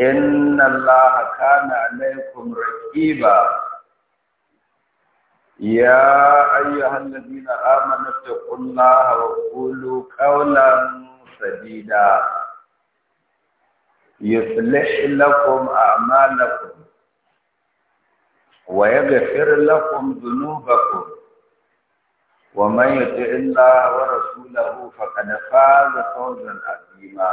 inna allaha kana alaykum raqiba ya ayyuhal ladina amanu taqullaha wa qulu qawlan sadida yuslih lakum a'malakum wa yaghfir lakum dhunubakum wa man yuti'illah wa rasulahu faqad faza fawzan 'azima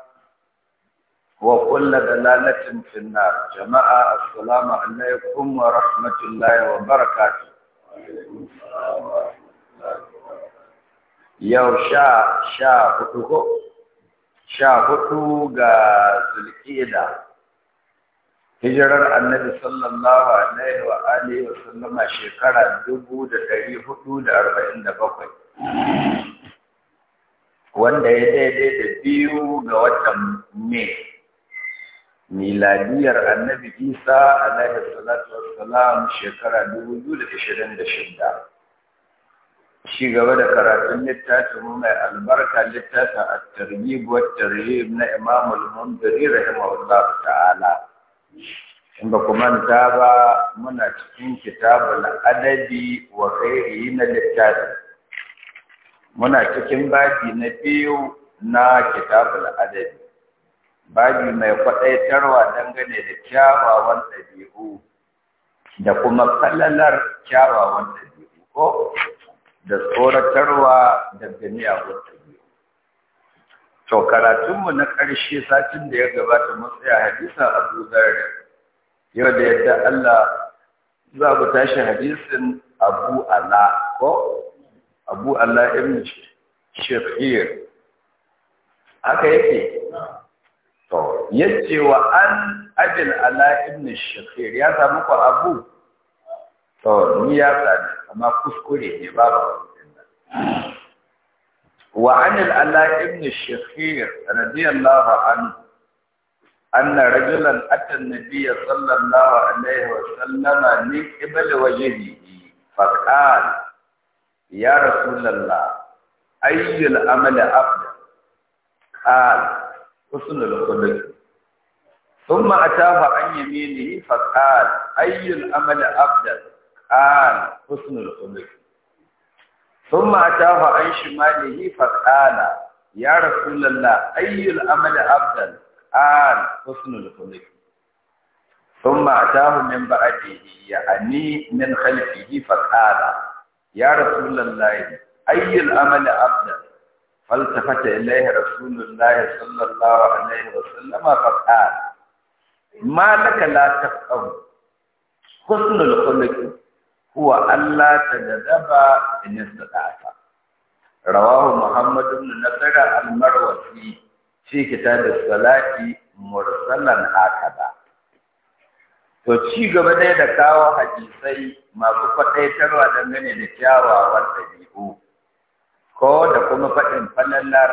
وكل دلالة في النار جماعة السلام عليكم ورحمة الله وبركاته yau sha sha hudu ko sha hudu ga zulkida hijirar annabi sallallahu alaihi wa alihi wa sallama shekara dubu da dari hudu da arba'in da bakwai wanda ya daidai da biyu ga watan mai miladiyar annabi isa alaihi salatu wassalam shekara 2026 shi gaba da karatun littafin mai albarka littafin a targhib wa tarhib na imam al-munziri rahimahullah ta'ala in ba ku manta ba muna cikin kitabul adabi wa ghairihi na littafi. muna cikin baki na biyu na kitabul adabi babi mai kwaɗaitarwa dangane da kyawawan ɗabi'u da kuma falalar kyawawan ɗabi'u ko da tsoratarwa jami'a miyagun ɗabi'u. To, karatunmu na ƙarshe satin da ya gabata mun tsaya hadisan Abu Zarra, yau da yadda Allah za ku tashi hadisin Abu ala ko Abu ala ibn Shafir. Haka yake, to yace wa an ajil ala ibn shakir ya samu ko abu to ni ya sani amma kuskure ne babu wa an ala ibn shakir radiyallahu anhu أن رجلا أتى النبي صلى الله عليه وسلم من قبل وجهه فقال يا رسول الله أي العمل أفضل قال حسن الخلق ثم أتاه عن يمينه فقال أي الأمل أفضل قال حسن الخلق ثم أتاه عن شماله فقال يا رسول الله أي الأمل أفضل قال حسن الخلق ثم أتاه من بعده يعني من خلفه فقال يا رسول الله أي الأمل أفضل فالتفت إليه رسول الله صلى الله عليه وسلم فقال ما لك لا تفهم حسن الخلق هو ألا تجذب إن استطعت رواه محمد بن نصر المروسي في كتاب الصلاة مرسلا هكذا To ci gaba dai da kawo hadisai masu faɗaitarwa dangane da kyawawan ɗabi'u. ko da kuma faɗin falalar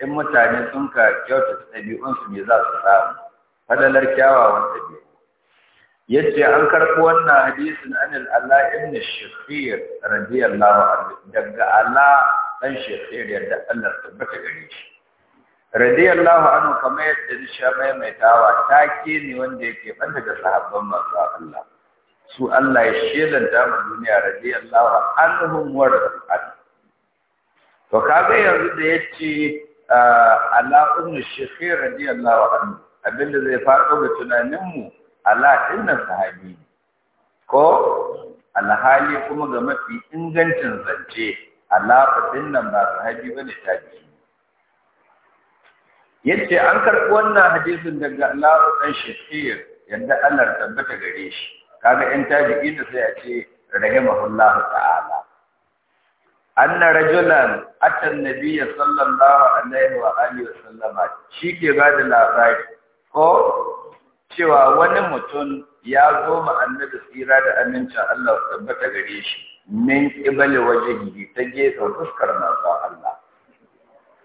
in mutane sun ka kyautata ɗabi'unsu me za su samu falalar kyawawan ɗabi'u yace an karɓi wannan hadisin an allah ibn Shakir radiyallahu anhu daga Allah dan Shakir yadda Allah tabbata gare shi radiyallahu anhu kamar yadda Isha mai mai tawa take ne wanda yake banda da sahabban manzo Allah su Allah ya shelanta mu duniya radiyallahu anhum wa radiyallahu to kaga yanzu da yace ala ummu shikhir radiyallahu anhu abinda zai faɗo ga tunaninmu ala dinnan sahabi ko alhali kuma ga mafi ingancin zance ala dinnan ba sahabi bane tabi'i yace an karɓi wannan hadisin daga Allah dan Shakir yadda Allah tabbata gare shi kaga in tabi'i ne sai a ce rahimahullahu ta'ala anna rajulan atan nabiyya sallallahu alaihi wa alihi wa sallama shike ba da labari ko cewa wani mutum ya zo ma annabi tsira da amincin Allah su tabbata gare shi min waje gidi ta gefen fuskar manzon Allah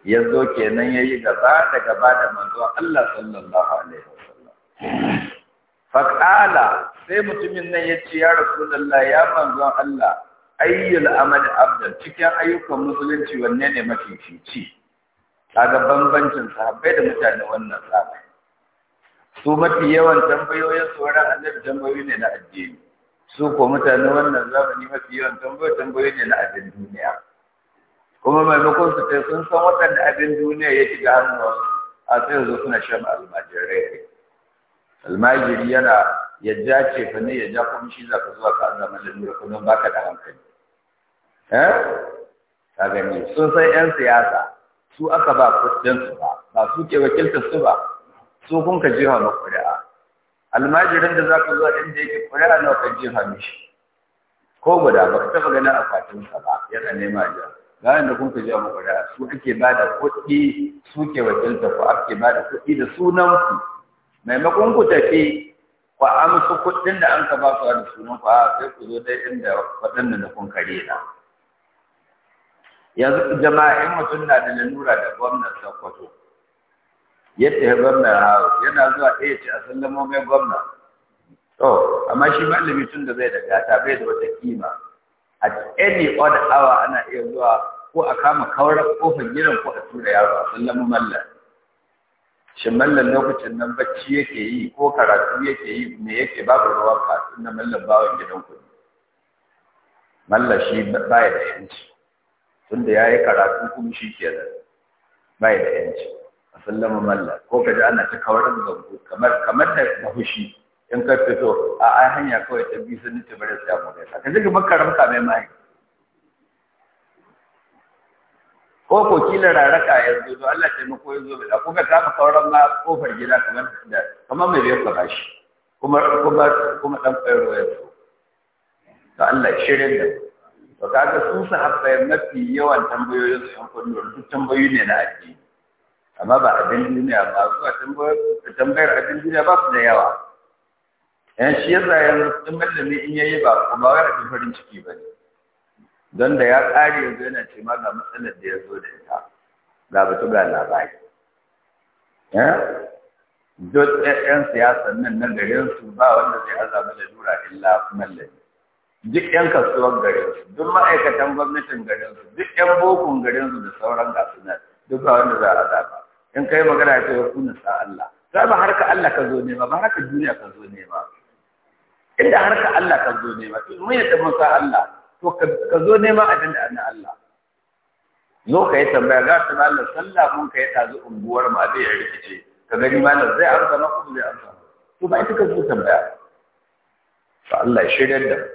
ya zo kenan yayi gaba da gaba da manzo Allah sallallahu alaihi wa sallam qala sai mutumin nan ya ce ya rasulullahi ya manzo Allah ayyul amali abdal cikin ayyukan musulunci wanne ne mafifici kaga bambancin sahabbai da mutane wannan sahabbai su mafi yawan tambayoyin tsoron annabi tambayoyi ne na addini su ko mutane wannan zamani mafi yawan tambayoyi tambayoyi ne na abin duniya kuma maimakon su ta sun san waɗanda abin duniya ya shiga hannu a sai yanzu suna shan almajirai almajiri yana ya ja ce fa ne ya ja kuma shi za ka zuwa ka zama lalura kuma baka da hankali Eh? ka gani sun san yan siyasa su aka ba kudin su ba ba su ke wakilta su ba su kun ka jiha na kuri'a almajirin da ka zuwa inda yake kuri'a nawa ka jiha mishi ko guda ba ka taba ganin akwatin sa ba yana nema jiha bayan da ka jiha na da su ake ba da kuɗi su ke wakilta ku ake ba da kuɗi da sunanku maimakon ku tafi ku amsu kuɗin da an ka ba su da sunan ku a sai ku zo dai inda waɗannan da kun kare na yanzu yan mutum na da lalura da gwamnan Sokoto yadda ya gwamnan hawa yana zuwa ɗaya ce a sallamomin gwamna to amma shi malami tun da bai da gata bai da wata kima A any odd hour ana iya zuwa ko a kama kawar kofar gidan ko a tura yaro a sallamu mallan shin mallan lokacin nan bacci yake yi ko karatu yake yi me yake babu ruwan kasu na mallan bawan gidan kuɗi mallan shi baya da yanci tunda ya yi karatu kuma shi ke da bai da yanci a sallama mallar ko ka ji ana ta da zango kamar kamar da na fushi in ka fito a ai hanya kawai ta bi sun ta bari ta mu ka ji kamar karamta mai mai ko ko kila raraka yanzu to Allah ya mako yanzu da ko ka ta kawar ma kofar gida kamar da kamar mai yau ka bashi kuma kuma kuma dan kairo yanzu to Allah shirin da to kaga su sahabbai mafi yawan tambayoyin su yan kullum duk tambayoyi ne na addini amma ba abin duniya ba zuwa tambayar abin duniya ba su da yawa yan eh, shi ya sa yanzu in mallami in yayi ba kuma wai abin farin ciki ba ne don da ya ƙare zo yana ce ma ga matsalar da ya zo da ita ga batu ga labari eh? duk 'yan siyasan nan na garin su ba wanda zai azabu da dura illa mallami duk 'yan kasuwar garinsu duk ma'aikatan gwamnatin garinsu duk 'yan bokun garinsu da sauran na duk ba wanda za a zaɓa in kai magana ta yi kuna sa Allah za ba harka Allah ka zo nema ba harka duniya ka zo nema inda harka Allah ka zo nema to mun yadda mun sa Allah to ka zo nema a danda na Allah zo ka yi tambaya za ta ba Allah sallah mun ka yi zo unguwar ma zai rikice ka gani na zai amsa na kuma zai amsa to ba ita ka zo tambaya to Allah ya shirya da mu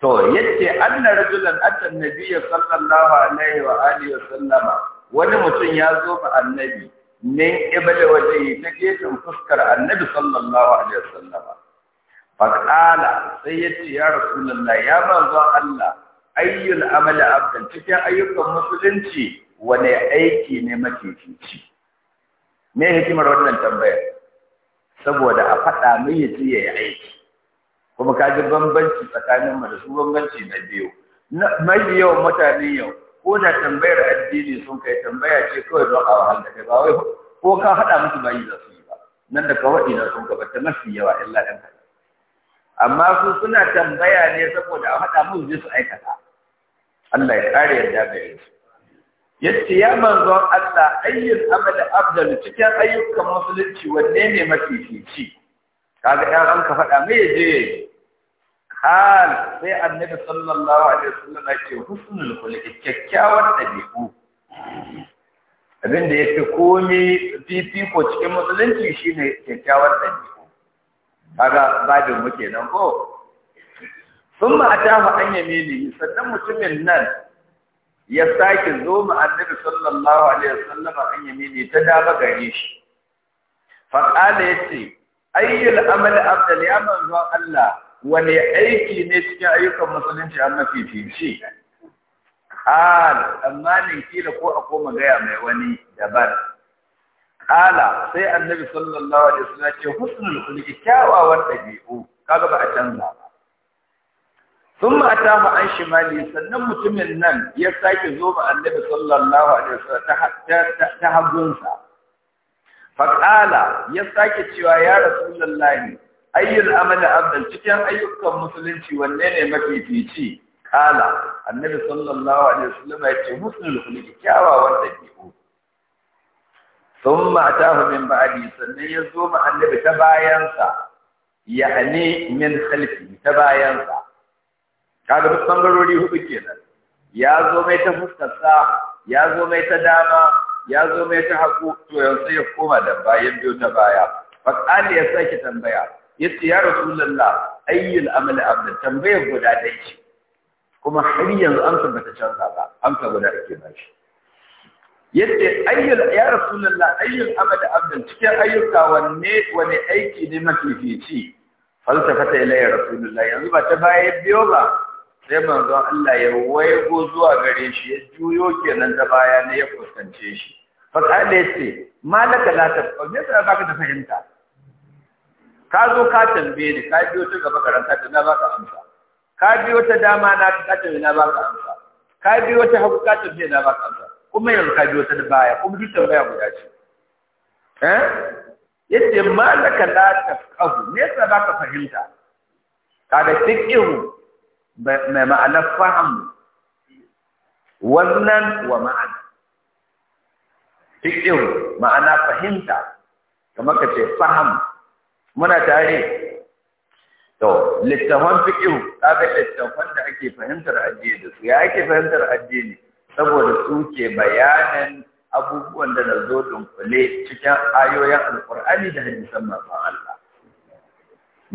to yace anna rajulan atta nabiyya sallallahu alaihi wa alihi wa sallama wani mutum ya zo ga annabi min ibada waje ta gefen fuskar annabi sallallahu alaihi wa sallama faqala sai yace ya rasulullahi ya manzo Allah ayyul amali abdan cikin ayyukan musulunci wane aiki ne cici me hikimar wannan tambaya? saboda a faɗa mai yace yayi aiki kuma ka ji bambanci tsakanin mu da su bambanci na biyu mai yawan mutane yau ko da tambayar addini sun kai tambaya ce kawai don a wahal da kai ba wai ko ka haɗa musu bayi za su yi ba nan da ka na sun ta mafi yawa illa ɗan kaɗan amma su suna tambaya ne saboda a haɗa musu je su aikata Allah ya ƙara yadda ga bai yace ya manzon Allah ayyun amal afdal cikin ayyukan musulunci wanne ne mafi fici kaga dan an ka faɗa mai je Hal sai annabi sallallahu alaihi wasallam yake husnul khuluqi kyakkyawar dabi'u abinda yake komai fifiko cikin musulunci shine kyakkyawar dabi'u kaga babin muke nan ko sun ma ta mu an yamini sannan mutumin nan ya sake zo mu annabi sallallahu alaihi wasallam an yamini ta dama gare shi fa qala yace ayyul amali afdal ya manzo Allah wani aiki ne cikin ayyukan musulunci an mafi fice qala tsammanin kila ko a koma gaya mai wani dabar. qala sai annabi sallallahu alaihi wasallam ce husnul khuluqi kyawawan dabi'u kaga ba a canza ba ثم أتاه عن شماله sannan mutumin nan ya sake zo ba annabi sallallahu alaihi wasallam ta hagunsa fa ya sake cewa ya rasulullahi ayyul amal abdal cikin ayyukan musulunci wanne ne mafi fici kala annabi sallallahu alaihi wasallam ya ce husnul wanda ke ku thumma atahu min ba'di sannan ya zo ma annabi ta bayansa ya'ni min khalfi ta bayansa kaga duk bangarori hudu kenan ya zo mai ta fuskarsa ya zo mai ta dama ya zo mai ta hagu to yanzu ya koma da bayan biyu ta baya fakali ya sake tambaya yace ya rasulullah ayyul amali abda tambayar guda dai ce kuma har yanzu amsa bata canza ba amsa guda ake bashi yace ayyul ya rasulullah ayyul amali abda cikin ayyuka wanne wani aiki ne falsafa ta ilayya rasulullah yanzu ba ta baya biyo ba sai manzon Allah ya waigo zuwa gare shi ya juyo kenan ta baya ne ya fuskance shi fa kada yace malaka la ta me yasa baka da fahimta ka zo ka tambaye ni ka biyo ta gaba garan ka na baka amsa ka biyo ta dama na ka tambaye na baka amsa ka biyo ta hagu ka tambaye na baka amsa kuma yanzu ka biyo ta baya kuma duk tambaya guda ce eh yace malaka la kahu me yasa baka fahimta kaga fiqhu mai ma'ana fahim wannan wa ma'ana fiqhu ma'ana fahimta kamar ka ce fahim muna tare to littafan fiqh kaga littafan da ake fahimtar addini da su ya ake fahimtar addini saboda su ke bayanan abubuwan da zo dunkule cikin ayoyin alqur'ani da hadisan manzon Allah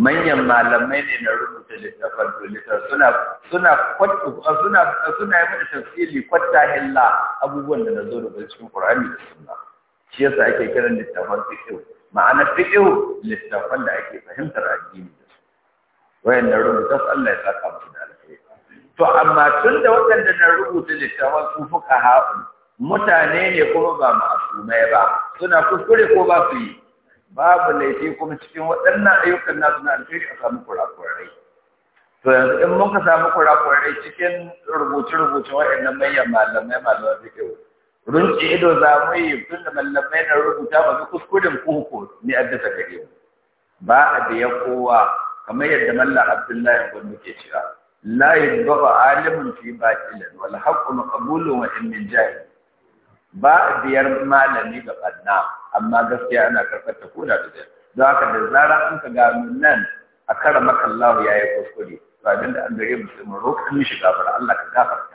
manyan malamai ne na rubuta littafan to suna suna suna suna yi mata tafsiri kwata hilla abubuwan da zo dunkule cikin qur'ani da sunna shi yasa ake kiran littafan fiqh ma'anar fiqhu littafan da ake fahimtar addini da su na rubuta Allah ya saka musu da alheri to amma tun da waɗanda na rubuta littafan su fuka ha'u mutane ne kuma ba ma'asumai ba suna kuskure ko ba su yi babu laifi kuma cikin waɗannan ayyukan nasu na alheri a samu kurakurai to yanzu in muka samu kurakurai cikin rubuce-rubuce waɗannan manyan malamai malamai fiqhu Runci ido za mu yi tun da mallamai na rubuta ba su kuskuren koko ni adda ta gare ba a da ya kowa kamar yadda malla abdullahi gwamnu ke cewa la yadba alimun fi batilin wal haqqu maqbulun wa in min ba a biyar malami ga banna amma gaskiya ana karɓar ta koda da zai don haka da zarar an ka gano nan a kara makallahu ya yi kuskure to abinda an gare mu sai mu roƙa mishi gafara Allah ka gafarta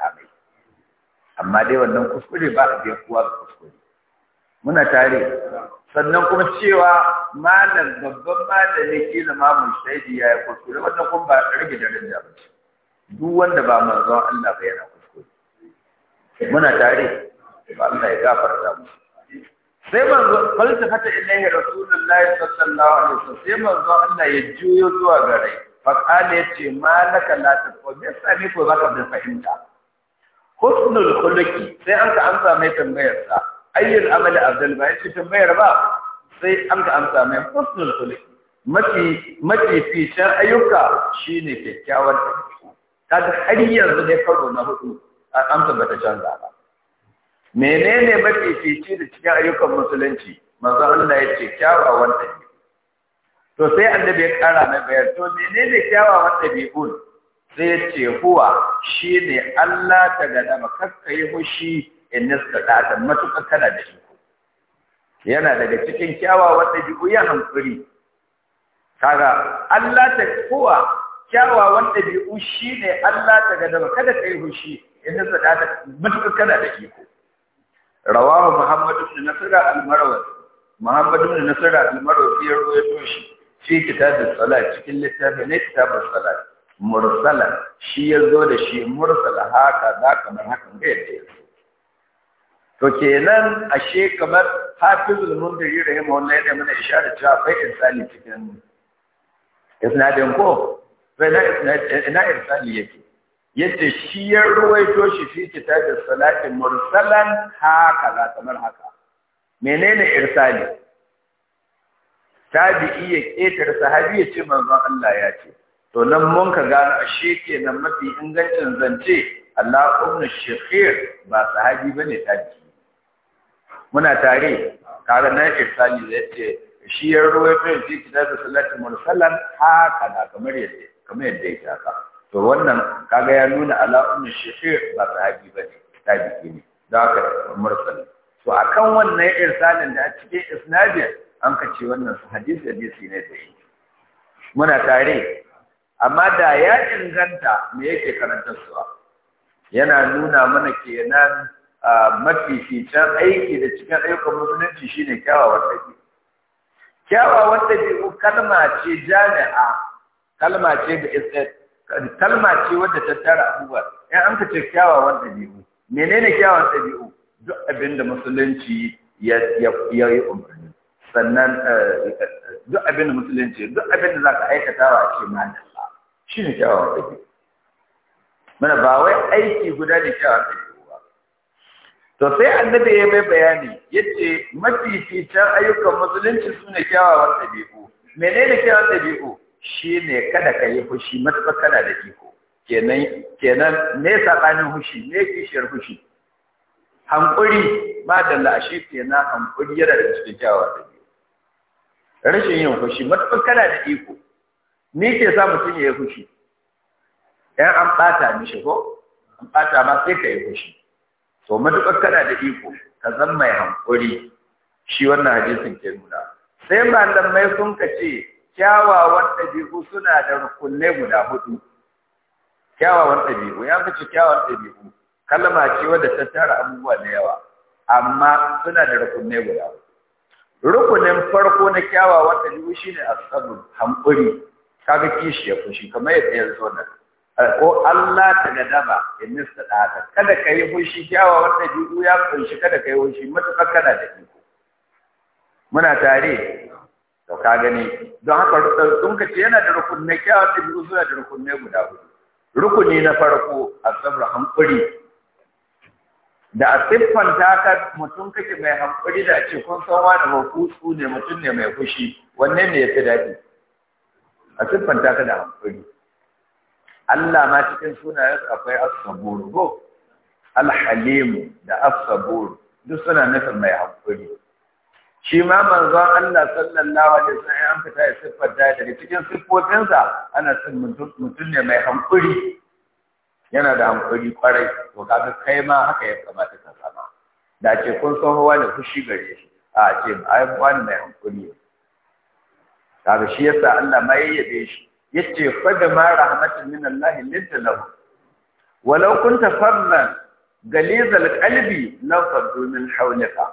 amma dai wannan kuskure ba a biya kowa da kuskure muna tare sannan kuma cewa malam babban malami ke zama mun shaidi ya yi kuskure wannan kuma ba a rage daraja ba duk wanda ba manzon Allah ba yana kuskure muna tare ba Allah ya gafarta mu sai manzo falsafata ilaihi rasulullahi sallallahu alaihi wasallam sai manzo Allah ya juyo zuwa gare fa kana yace malaka la tafahim sai ko zaka fahimta husnul khuluqi sai an ka amsa mai tambayar sa ayyul amali afdal ba yace tambayar ba sai an ka amsa mai husnul khuluqi mafi mafi fitan ayyuka shine kyakkyawan ɗabi'u kaga har yanzu dai karo na hudu amsa bata canza ba menene mafi fici da cikin ayyukan musulunci manzo Allah yace kyawawan ɗabi'u to sai annabi ya kara mai bayar to menene kyawawan ɗabi'u sai ce huwa shi ne Allah ta gadama kakka yi hushi in nista ɗata matuƙa kana da iko yana daga cikin kyawawan ɗabi'u ya hankuri kaga Allah ta huwa kyawawan ɗabi'u shi ne Allah ta gadama kada ka yi hushi in nista ɗata matuƙa kana da iko rawahu Muhammadu da Nasiru al Muhammadu da Nasiru Nasr al-Marwazi ya rawaito shi fi kitabin salat cikin littafin ne kitabin salat mursala shi ya zo da shi mursala haka za kamar hakan ga yadda ya to ke kenan ashe kamar hafizul mundiri wanda ya mana da cewa bai insani cikin isnadin ko bai na insani yake Yadda shi ya ruwaito shi fi da salatin mursalan haka za kamar haka menene irsali tabi'i ya ƙetare sahabi ya ce manzon Allah ya ce to nan mun ka gano ashe kenan mafi ingancin zance Allah ibn Shakir ba sahabi bane tabi muna tare na nan ifsani da yace shi ya ruwaito shi da salatu mursalan haka da kamar yadda kamar yadda yake haka to wannan kaga ya nuna Allah ibn Shakir ba sahabi bane tabi ne da haka mursalan to akan wannan irsalin da a cikin isnadin an kace wannan hadisi hadisi ne da shi muna tare amma da ya inganta me yake karantarsuwa yana nuna mana kenan mafificin aiki da cikin ayyukan musulunci shine kyawawan ɗabi'u kyawawan ɗabi'u kalma ce jami'a kalma ce da eh, kalma ce wadda ta tara abubuwa in an ka ce kyawawan ɗabi'u menene kyawawan ɗabi'u duk abin da musulunci ya yi umarni sannan eh, duk abin da musulunci duk abin da za ka aikata wa ce mana shi ne kyawawan ɗabi'u mana ba wai aiki guda ne kyawawan ɗabi'u ba to sai annabi ya mai bayani mafi fitar ayyukan musulunci su ne kyawawan ɗabi'u menene kyawawan ɗabi'u shi ne kada ka yi fushi matuƙa kada da iko kenan kenan me saɓanin fushi me kishiyar fushi hankuri ma da lashe kenan hankuri yana da cikin kyawawan ɗabi'u rashin yin fushi matuƙa kada da iko ni ke sa mutum ya yi fushi ‘yan an ɓata mishi ko an ɓata ma sai ka yi fushi to matuƙar kana da iko ka zan mai hankuri shi wannan hadisin ke nuna sai mai sun ka ce kyawawan ɗabi'u suna da rukunai guda hudu kyawawan ɗabi'u ya fi kyawawan ɗabi'u kalma ce wadda ta tara abubuwa da yawa amma suna da rukunai guda hudu rukunin farko na kyawawan ɗabi'u shine asabun hankuri kaga kishi ya fushi kamar yadda ya zo nan eh, ko Allah ta gadaba ya nista ɗata kada ka yi fushi kyawa wanda biyu ya kunshi kada ka yi fushi matuƙar kana da iko muna tare to ka gani don haka sun ka ce yana da rukunne kyawa da biyu suna da rukunne guda hudu rukuni na farko a sabra hankuri da a siffan taka mutum kake mai hankuri da ce kun san wani mafusu ne mutum ne mai fushi wanne ne ya fi daɗi a siffanta ka da hankali Allah ma cikin sunayen akwai as ko da as duk suna nufin mai hankali shi ma manzo Allah sallallahu alaihi wasallam an fita ya siffanta da cikin siffofinsa ana son mutum ne mai hankali yana da hankali kwarai to kaga kai ma haka ya kamata ka zama da ce kun san hawa fushi gare shi a ce ai wani mai hankali kaga shi yasa Allah ma yayyabe shi yace fada ma rahmatin min Allah lidda lahu walau kunta farran galizal qalbi lan faddu min hawlika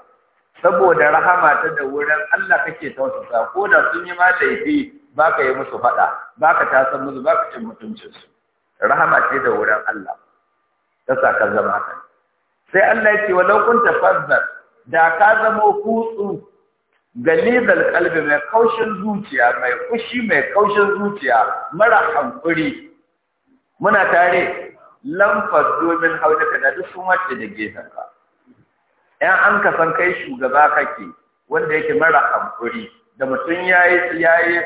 saboda rahama ta da wurin Allah kake tausasa ko da sun yi ma laifi baka yi musu fada baka ta san musu baka cin mutuncin su rahama ce da wurin Allah ta saka zama kan sai Allah ya ce walau kunta farran da ka zama kutsu galizal kalbi mai kaushin zuciya mai kushi mai kaushin zuciya mara hankuri muna tare lamfar domin haulaka da duk sun wace da gefenka ‘yan an ka san kai shugaba kake wanda yake mara hankuri da mutum ya yi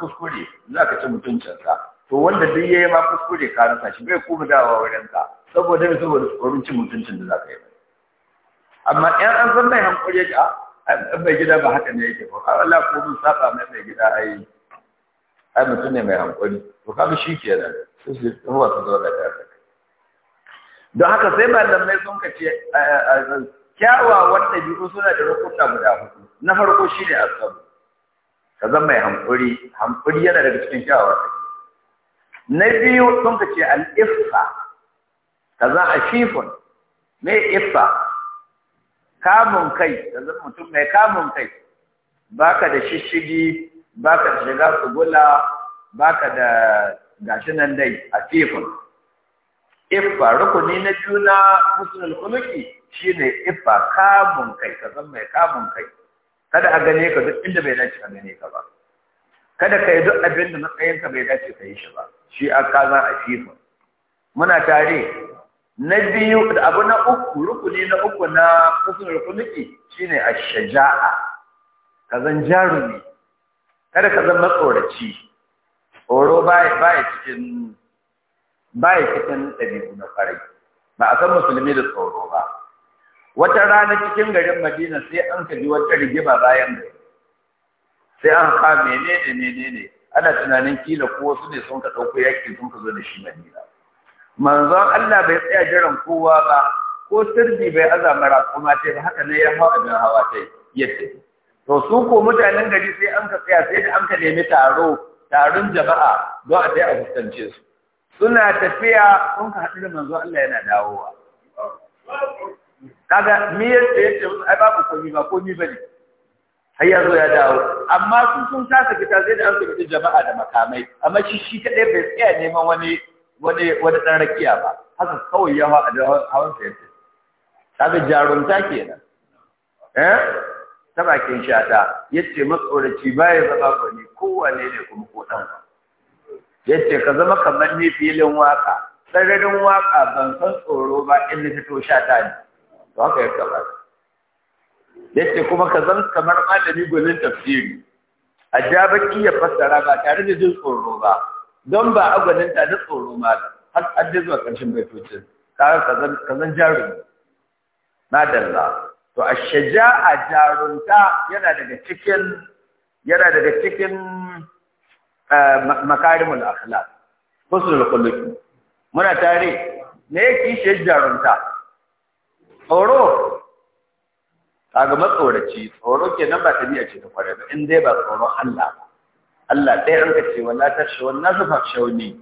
kuskure za ka ci mutuncinsa to wanda duk ya yi ma kuskure ka nasa shi bai kuma dawa ka saboda saboda tsoron cin mutuncin da za ka yi amma ‘yan an san mai hankuri ya ah, mai gida ba haka ne yake ba Allah ko mun saba mai mai gida ai ai mutum ne mai hankali to kaga shi kenan sai su ruwa su zo da ta don haka sai malamai sun ka ce kyawawan ɗabi'u suna da rukuta guda hudu na farko shi ne asabu ka zama mai hankuri hankuri yana daga cikin kyawawan ɗabi'u na biyu sun ka ce al'iffa ka za a shifon me iffa kamun kai da zan mutum mai kamun kai baka da shishigi baka da shiga tsugula baka da gashi nan dai a tifin Ifa rukuni na juna husnul khuluqi shine ifa kamun kai ka zan mai kamun kai kada a gane ka duk inda bai dace a gane ka ba kada ka yi duk abin da matsayinka bai dace ka yi shi ba shi a kaza a tifin muna tare na biyu da abu na uku rukuni na uku na usul shi shine ash-shaja'a kazan jarumi kada ka zama tsoraci tsoro baya cikin baya cikin ɗabi'u na farai ba a san musulmi da tsoro ba wata rana cikin garin madina sai an kaji wata rigima bayan gari sai an ka menene menene ana tunanin kila ko wasu ne sun ka ɗauko yaƙi sun ka zo da shi madina manzon Allah bai tsaya jiran kowa ba ko sirri bai azama kuma ce ba haka ne ya hau abin hawa ta ya ce to su ko mutanen gari sai an ka tsaya sai da an ka nemi taro taron jama'a don a tsaya a fuskance su suna tafiya sun ka haɗu da manzon Allah yana dawowa kaga me ya ce ai babu komai ba komai bane har ya zo ya dawo amma sun sun kasa fita sai da an fita jama'a da makamai amma shi shi kadai bai tsaya neman wani wani wani dan rakiya ba haka kawai ya hawa a hawan sa yace kaga jarumta kenan eh ta bakin shata yace matsoraci baya zama gwani kowane ne kuma ko dan yace ka zama kamar ni filin waka sararin waka ban san tsoro ba in ni fito shata ne to haka ya kamata yace kuma ka zan kamar malami gwanin tafsiri a ja baki ya fassara ba tare da jin tsoro ba don ba a agwaninta da tsoro malam har adda zuwa ƙarshen baitocin zan kazan na madalla to a a jarunta yana daga cikin yana daga cikin eh, makarimul akhlaq husnul khuluq muna tare me yake shi jarunta tsoro kaga matsoraci tsoro kenan ba tabi'a ce ta kware ba in dai ba tsoron Allah ba Allah ɗaya an ka ce wala ta shi wannan zufa shauni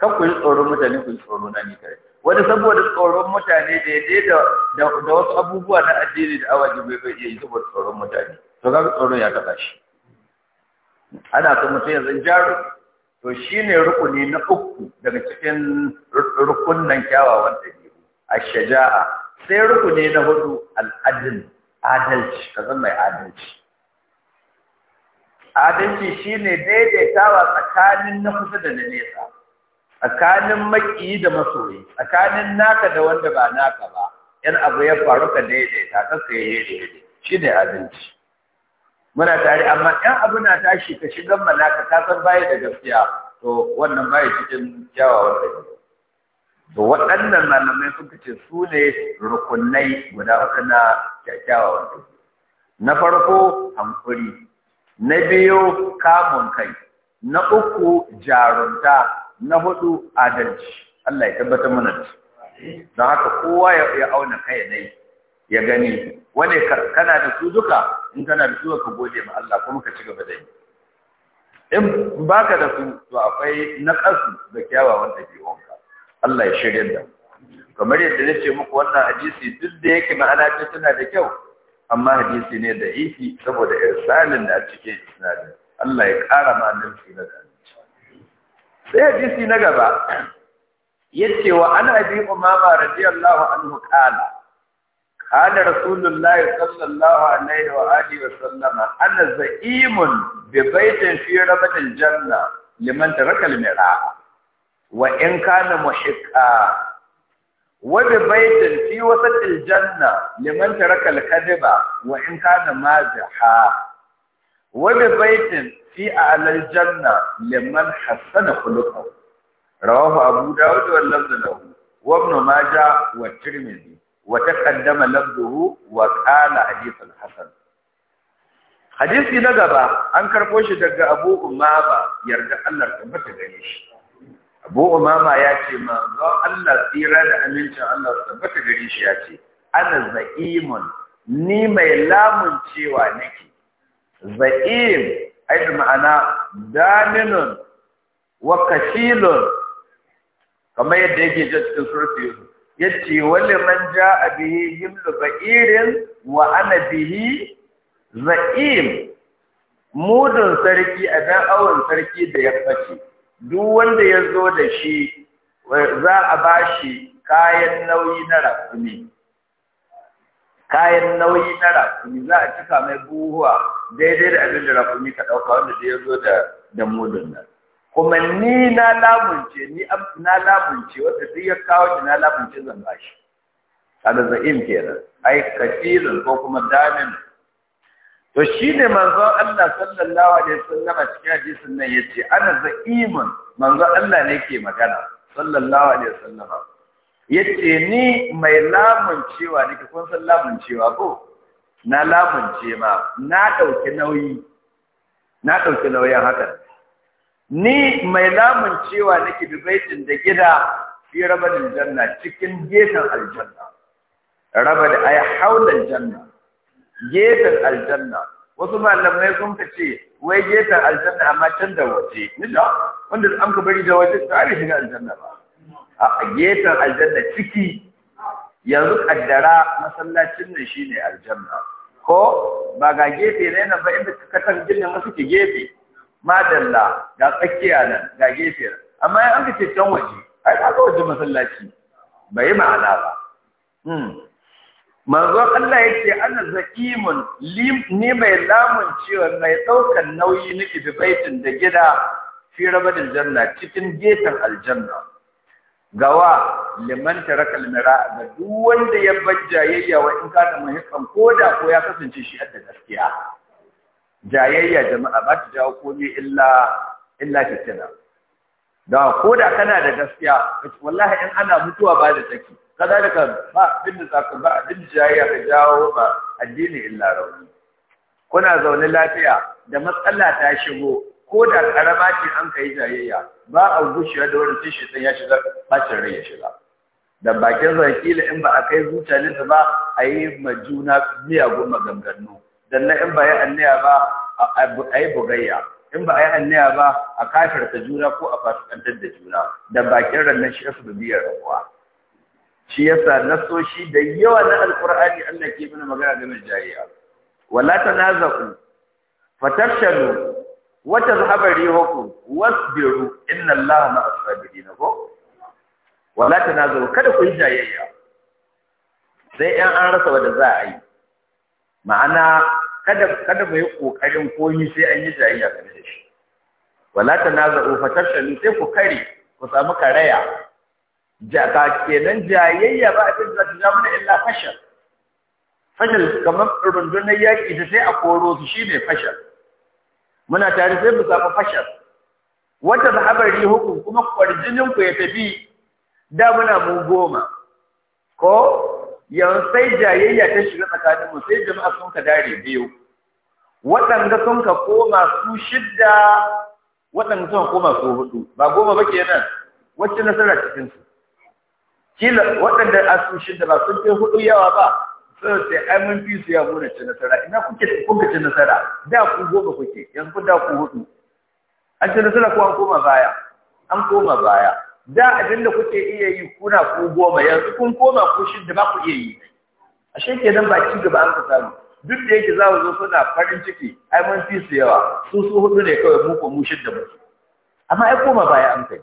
kan ku yi tsoron mutane ku yi tsoro na ni kare wani saboda tsoron mutane da ya da da wasu abubuwa na addini da awaji bai bai iya yi saboda tsoron mutane to kaga tsoron ya kaɗa shi ana son mutum zan jaru to shine rukuni na uku daga cikin rukunnan kyawawan ɗabi'u ash-shaja'a sai rukuni na hudu al'adun adalci ka zan mai adalci adalci ne daidaitawa tsakanin na kusa da na nesa tsakanin makiyi da masoyi tsakanin naka da wanda ba naka ba yan abu ya faru ka daidaita ka yi daidaita ne adalci muna tare amma yan abu na tashi ka shigan malaka ka san baya da gaskiya to wannan baya cikin kyawawan ɗabi'u to waɗannan malamai suka ce su ne rukunai guda uku na kyakkyawan ɗabi'u na farko hankuri na biyu kamun kai na uku jarunta na hudu adalci Allah ya tabbatar mana da don haka kowa ya auna kai ne ya gani wane kana da su duka in kana da su ka gode ma Allah kuma ka ci gaba da yi in baka da su to akwai kasu da kyawawan wanka. Allah ya shirya da kamar yadda nace muku wannan hadisi duk da yake ma'ana ta tana da kyau amma hadisi ne da ifi saboda irsalin da a cikin isnadin Allah ya ƙara ma nufi na zalunci sai hadisi na gaba yace wa ana abi umama radiyallahu anhu qala qala rasulullahi sallallahu alaihi wa alihi wa sallama ana za'imun bi baitin fi rabatil janna liman taraka al wa in kana muhiqqa wani baitin fi wasatil janna liman taraka al-kadhiba wa in maziha wani baitin fi a janna liman hassana khuluquhu rawahu abu dawud wal lafzuhu wa ibn majah wa tirmidhi wa taqaddama lafzuhu wa qala hadith al-hasan hadisi na gaba an karɓo shi daga abu umama yarda Allah tabbata gare shi abu umama ya ce manzon Allah tsira da amincin Allah tabbata gari shi ya ce ana za'imun ni mai lamun cewa nake za'im ai ma'ana daminun wa kashilun kamar yadda yake jin cikin surfi ya yace wani man a bihi himlu ba'irin wa ana bihi za'im mudun sarki a dan awon sarki da ya fashe duk wanda ya zo da shi za a ba shi kayan nauyi na rafini kayan nauyi na rafini za a cika mai buhuwa daidai da abin da rafini ka ɗauka wanda da ya zo da mudun nan kuma ni na labunce ni na labunce wata duk ya kawo ni na labunce zan ba shi da za'im kenan ai kasirin ko kuma damin to shi ne manzon Allah sallallahu alaihi wasallam cikin hadisin nan yace ana za'imun manzon Allah ne ke magana sallallahu alaihi wasallam yace ni mai lamun cewa nake kun san lamun cewa ko na lamun ce ma na dauki nauyi na dauki nauyin hakan ni mai lamun cewa nake bi baitin da gida fi rabar janna cikin gefen aljanna rabar ay haulal janna gefen aljanna wasu malamai sun ka ce wai gefen aljanna amma can da waje nida wanda an ka bari da waje ta ari shiga aljanna ba a gefen aljanna ciki yanzu kaddara masallacin nan shine aljanna ko ba ga gefe ne na ba inda katan ginin masu ke gefe madalla ga tsakiya nan ga gefe amma an ka ce can waje ai ka ga waje masallaci bai ma'ana ba hmm. manzon Allah ya yake ana zakimun ni mai lamun cewa mai ɗaukan nauyi na ibibaitin da gida fi rabadin janna cikin gefen aljanna gawa liman taraka almira da duk wanda ya bar jayayya wa in kana muhimman ko da ko ya kasance shi a gaskiya jayayya jama'a ba ta jawo komai illa illa fitina da ko da kana da gaskiya wallahi in ana mutuwa ba da take kadalika ba abin da zaka ba abin jayya ka jawo ba addini illa rauni kuna zaune lafiya da matsala ta shigo ko da karama ce an kai jayayya ba a gushewa da wani tishi sai ya shiga bacin rai ya shiga da bakin zakila in ba a kai zuciya ba a yi ma juna miyagun maganganu dan na in ba ya annaya ba a yi bugayya in ba a yi annaya ba a kafirta juna ko a fasikantar da juna da bakin rannan shi su biyar rabuwa shi yasa nasoshi da yawa na alkur'ani Allah ke mana magana game da jayya wala tanaza'u fatashadu wa tazhaba rihukum wasbiru inna Allaha ma'as sabirin ko wala tanaza'u kada ku yi jayayya sai ɗan an rasa wanda za a yi ma'ana kada kada mu yi kokarin koyi sai an yi jayayya kada da shi wala tanaza'u fatashadu sai ku kare ku samu karaya jaka kenan jayayya ba abin da ta zama illa fashal fashal kamar rundunar yaki ta sai a koro su shine fashal muna tare sai mu samu fashal wata habari hukum kuma kwarjinin ku ya tafi da muna mu goma ko yanzu sai jayayya ta shiga tsakanin mu sai jama'a sun ka dare biyu waɗanda sun ka koma su shidda waɗanda sun ka koma su hudu ba goma ba kenan wacce nasara cikin su kila waɗanda asusun da ba sun fi hudu yawa ba sun sai ai mun fi su ya muna ci nasara ina kuke kuka ci nasara da ku goma kuke yanzu da ku hudu an ci nasara ko an koma baya an koma baya da abin da kuke iya yi kuna ku goma yanzu kun koma ku shida ba ku iya yi ashe kenan ba ci gaba an ka samu duk da yake za mu zo suna farin ciki ai mun fi su yawa su su hudu ne kawai mu ko mu shidda mu amma ai koma baya an kai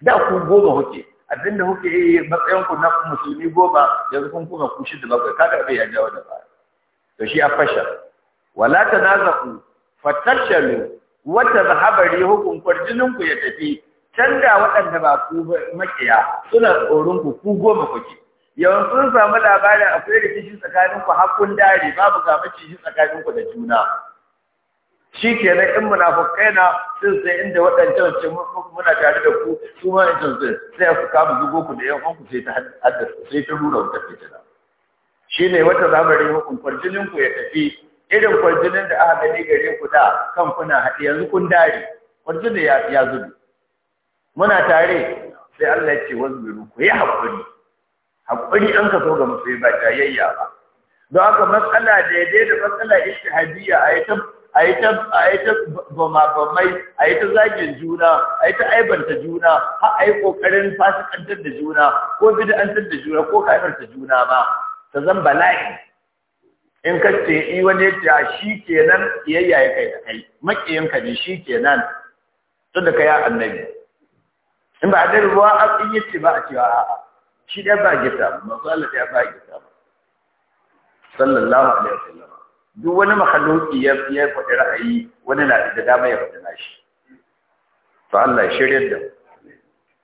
da ku goma kuke abinda kuke yi matsayin ku na musulmi goma yanzu kun kuma ku shi da bakwai kaga ya jawo da baya to shi a fasha wala tanazaku fatashalu wa tadhhabu hukun farjinin ku ya tafi canda waɗanda ba ku makiya suna tsoron ku ku goma kuke Yanzu sun samu labarin akwai rikici tsakanin ku har dare babu ga maciji tsakanin ku da juna shi ke nan in munafukai na sun sai inda waɗancan ce muna tare da ku su ma in sun sai ku kama zugo ku da yan ku sai ta haddasa sai ta rura wuta fitina shi ne wata zamani hukun kwarjinin ku ya tafi irin kwarjinin da aka gani gare ku da kan kuna haɗe yanzu kun dare kwarjinin ya ya zubi muna tare sai Allah ya ce wasbiru ku yi haƙuri haƙuri an ka so ga musulmi ba yayya ba don haka matsala daidai da matsala ishtihadiyya a yi ta a yi ta bama-bamai a yi ta zagin juna a yi ta aibanta juna har a yi ƙoƙarin fasikantar da juna ko bid'antar da juna ko kafarta juna ba ta zan bala'i in ka ce wani ya ce shi kenan iyayya ya kai da kai ka ne shi kenan tun da kai annabi in ba a da ruwa a in ce ba a cewa a'a shi ɗaya ba gita ba masu Allah ɗaya ba gita ba sallallahu alaihi wasallam duk wani makaloki ya fiye faɗi ra'ayi wani na da dama ya faɗi nashi to Allah ya shirya da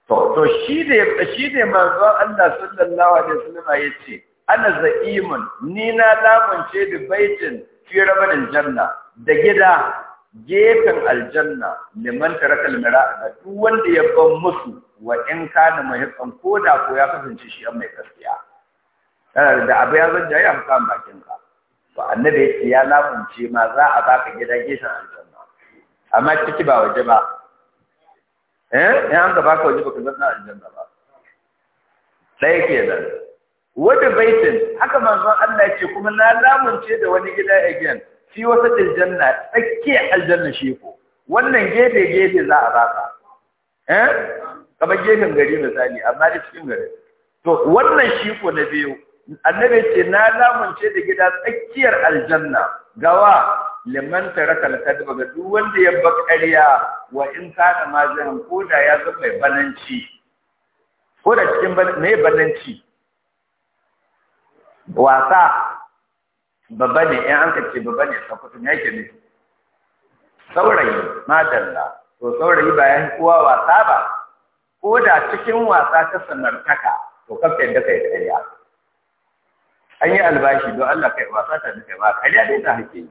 to to shi da shi da manzo Allah sallallahu alaihi wasallam yace ana za'imun ni na lamunce da baitin fi rabanin janna da gida gefen aljanna liman taraka almira'a da duk wanda ya ban musu wa in kana muhiqqan koda ko ya kasance shi an mai gaskiya da abu ya zan a kan bakin ka annabi ya ce ya lamunce ma za a baka gida gefen aljanna amma kike ba waje ba eh in an baka waje baka zanna aljanna ba ke kenan wata baitin haka manzon Allah ce kuma na lamunce da wani gida again shi wata aljanna tsakiyar aljanna shi ko wannan gefe gefe za a baka eh kamar gefen gari misali amma da cikin gari to wannan shi ko na biyu annabi ce na lamunce da gida tsakiyar aljanna gawa liman tarakal al-kadba ga duk wanda ya ba ƙarya wa in kana mazihan ko da ya zama mai bananci ko da cikin mai bananci wasa babba ne in an kace babba ne ka fito yake ne saurayi madalla to saurayi ba yan kowa wasa ba ko da cikin wasa ta sanartaka to kafin da kai ƙarya an yi albashi don Allah kai wasa ta da kai ba ƙarya dai ta hake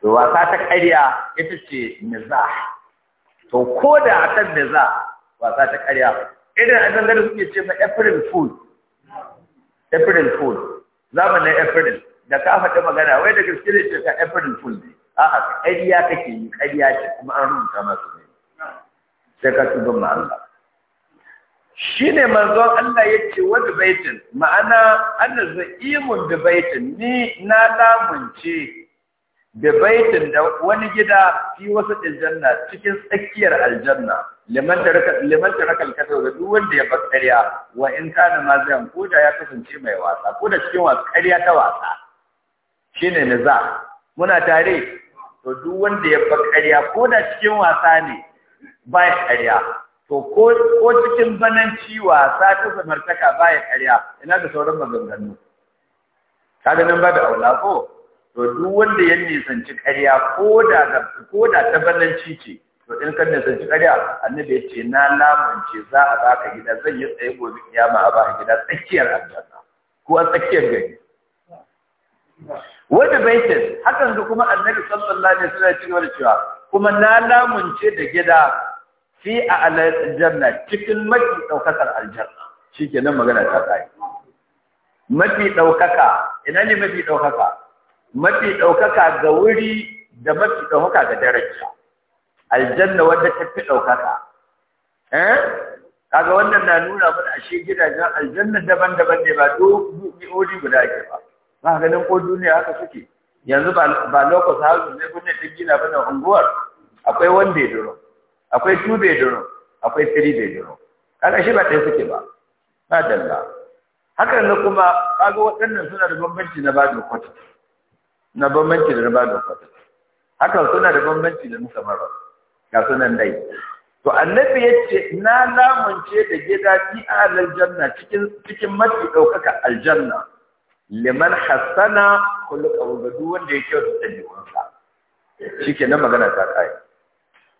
to wasa ta ƙarya ita ce niza to ko da a kan niza wasa ta ƙarya idan a zangar suke ce ma april fool april fool zamanin april da ka faɗi magana wai da gaske ne ce ka april fool ne a'a ƙarya kake yi ƙarya ce kuma an rubuta masu ne sai ka tuba ma shi ne manzon Allah ya ce wadda baitin ma'ana ana za'imun da baitin ni na damunce. da baitin da wani gida fi wasu aljanna cikin tsakiyar aljanna liman taraka alkata da duk wanda ya bakariya wa in kana ma zai ko da ya kasance mai wasa ko da cikin wasa kariya ta wasa Shi shine niza muna tare to duk wanda ya bakariya ko da cikin wasa ne ba kariya to ko cikin bananci wasa ta samartaka baya karya ina da sauran maganganu kaga nan ba da aula ko to duk wanda ya nisanci karya ko da ta bananci ce to in kan nisanci karya annabi ya ce na lamance za a baka gida zan yi tsaye gobe kiyama a baka gida tsakiyar aljanna ko a tsakiyar gari wanda baitin hakan da kuma annabi sallallahu alaihi wasallam ya ci gaba da cewa kuma na lamunce da gida fi a aljanna cikin mafi ɗaukakar aljanna shi ke nan magana ta tsaye mafi ɗaukaka ina ne mafi ɗaukaka mafi ɗaukaka ga wuri da mafi ɗaukaka ga daraja aljanna wanda ta fi ɗaukaka eh kaga wannan na nuna mana ashe gidajen aljanna daban-daban ne ba odi guda ke ba ba ganin ko duniya haka suke yanzu ba lokacin hausa ne kunne ta gina ba na unguwar akwai wanda ya duro akwai two bedroom akwai three bedroom kaga shi ba ɗaya suke ba ba dalla hakan na kuma kaga waɗannan suna da bambanci na bada kwata na bambanci da na bada kwata hakan suna da bambanci da musa mara ga sunan dai to annabi ya ce na lamunce da gida fi alal janna cikin cikin mafi ɗaukaka aljanna liman hassana kullu duk wanda ya kyautata jiwansa shike na magana ta kai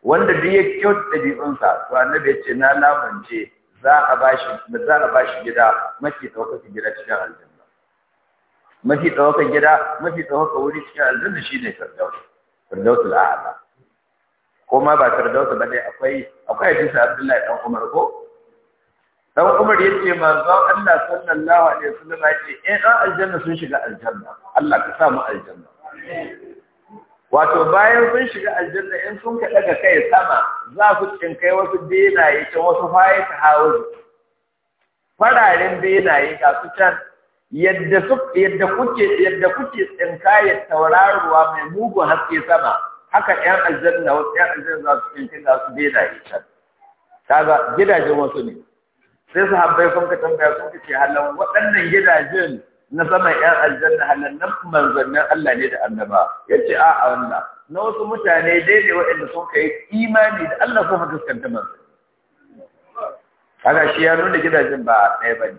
wanda duk ya kyauta ɗabi'unsa to annabi ya ce na lamance za a bashi za a bashi gida mafi ɗaukaka gida cikin aljanna mafi ɗaukaka gida mafi ɗaukaka wuri cikin aljanna shine firdaus firdausul a'la ko ma ba firdausa ba dai akwai akwai hadisi Abdullahi dan Umar ko dan Umar ce manzo Allah sallallahu alaihi wasallam yace eh dan aljanna sun shiga aljanna Allah ka sa mu aljanna wato bayan sun shiga aljanna in sun ka daga kai sama za su tsinkai wasu benaye can wasu faye ta hawaye fararen benaye ga su can yadda yadda kuke yadda kuke tsinkayar tauraruwa mai mugu haske sama haka yan aljanna wasu yan aljanna za su tsinkai ga su benaye can kaga gidajen wasu ne sai su habbai sun ka tambaya sun ka ce halan waɗannan gidajen na saman ‘yan aljanna halannan manzannin Allah ne da annaba ya ce a a wannan na wasu mutane ne waɗanda sun kai imani da Allah sun fuskanta manzan. haka shi ya nuna gidajen ba ɗaya ba ne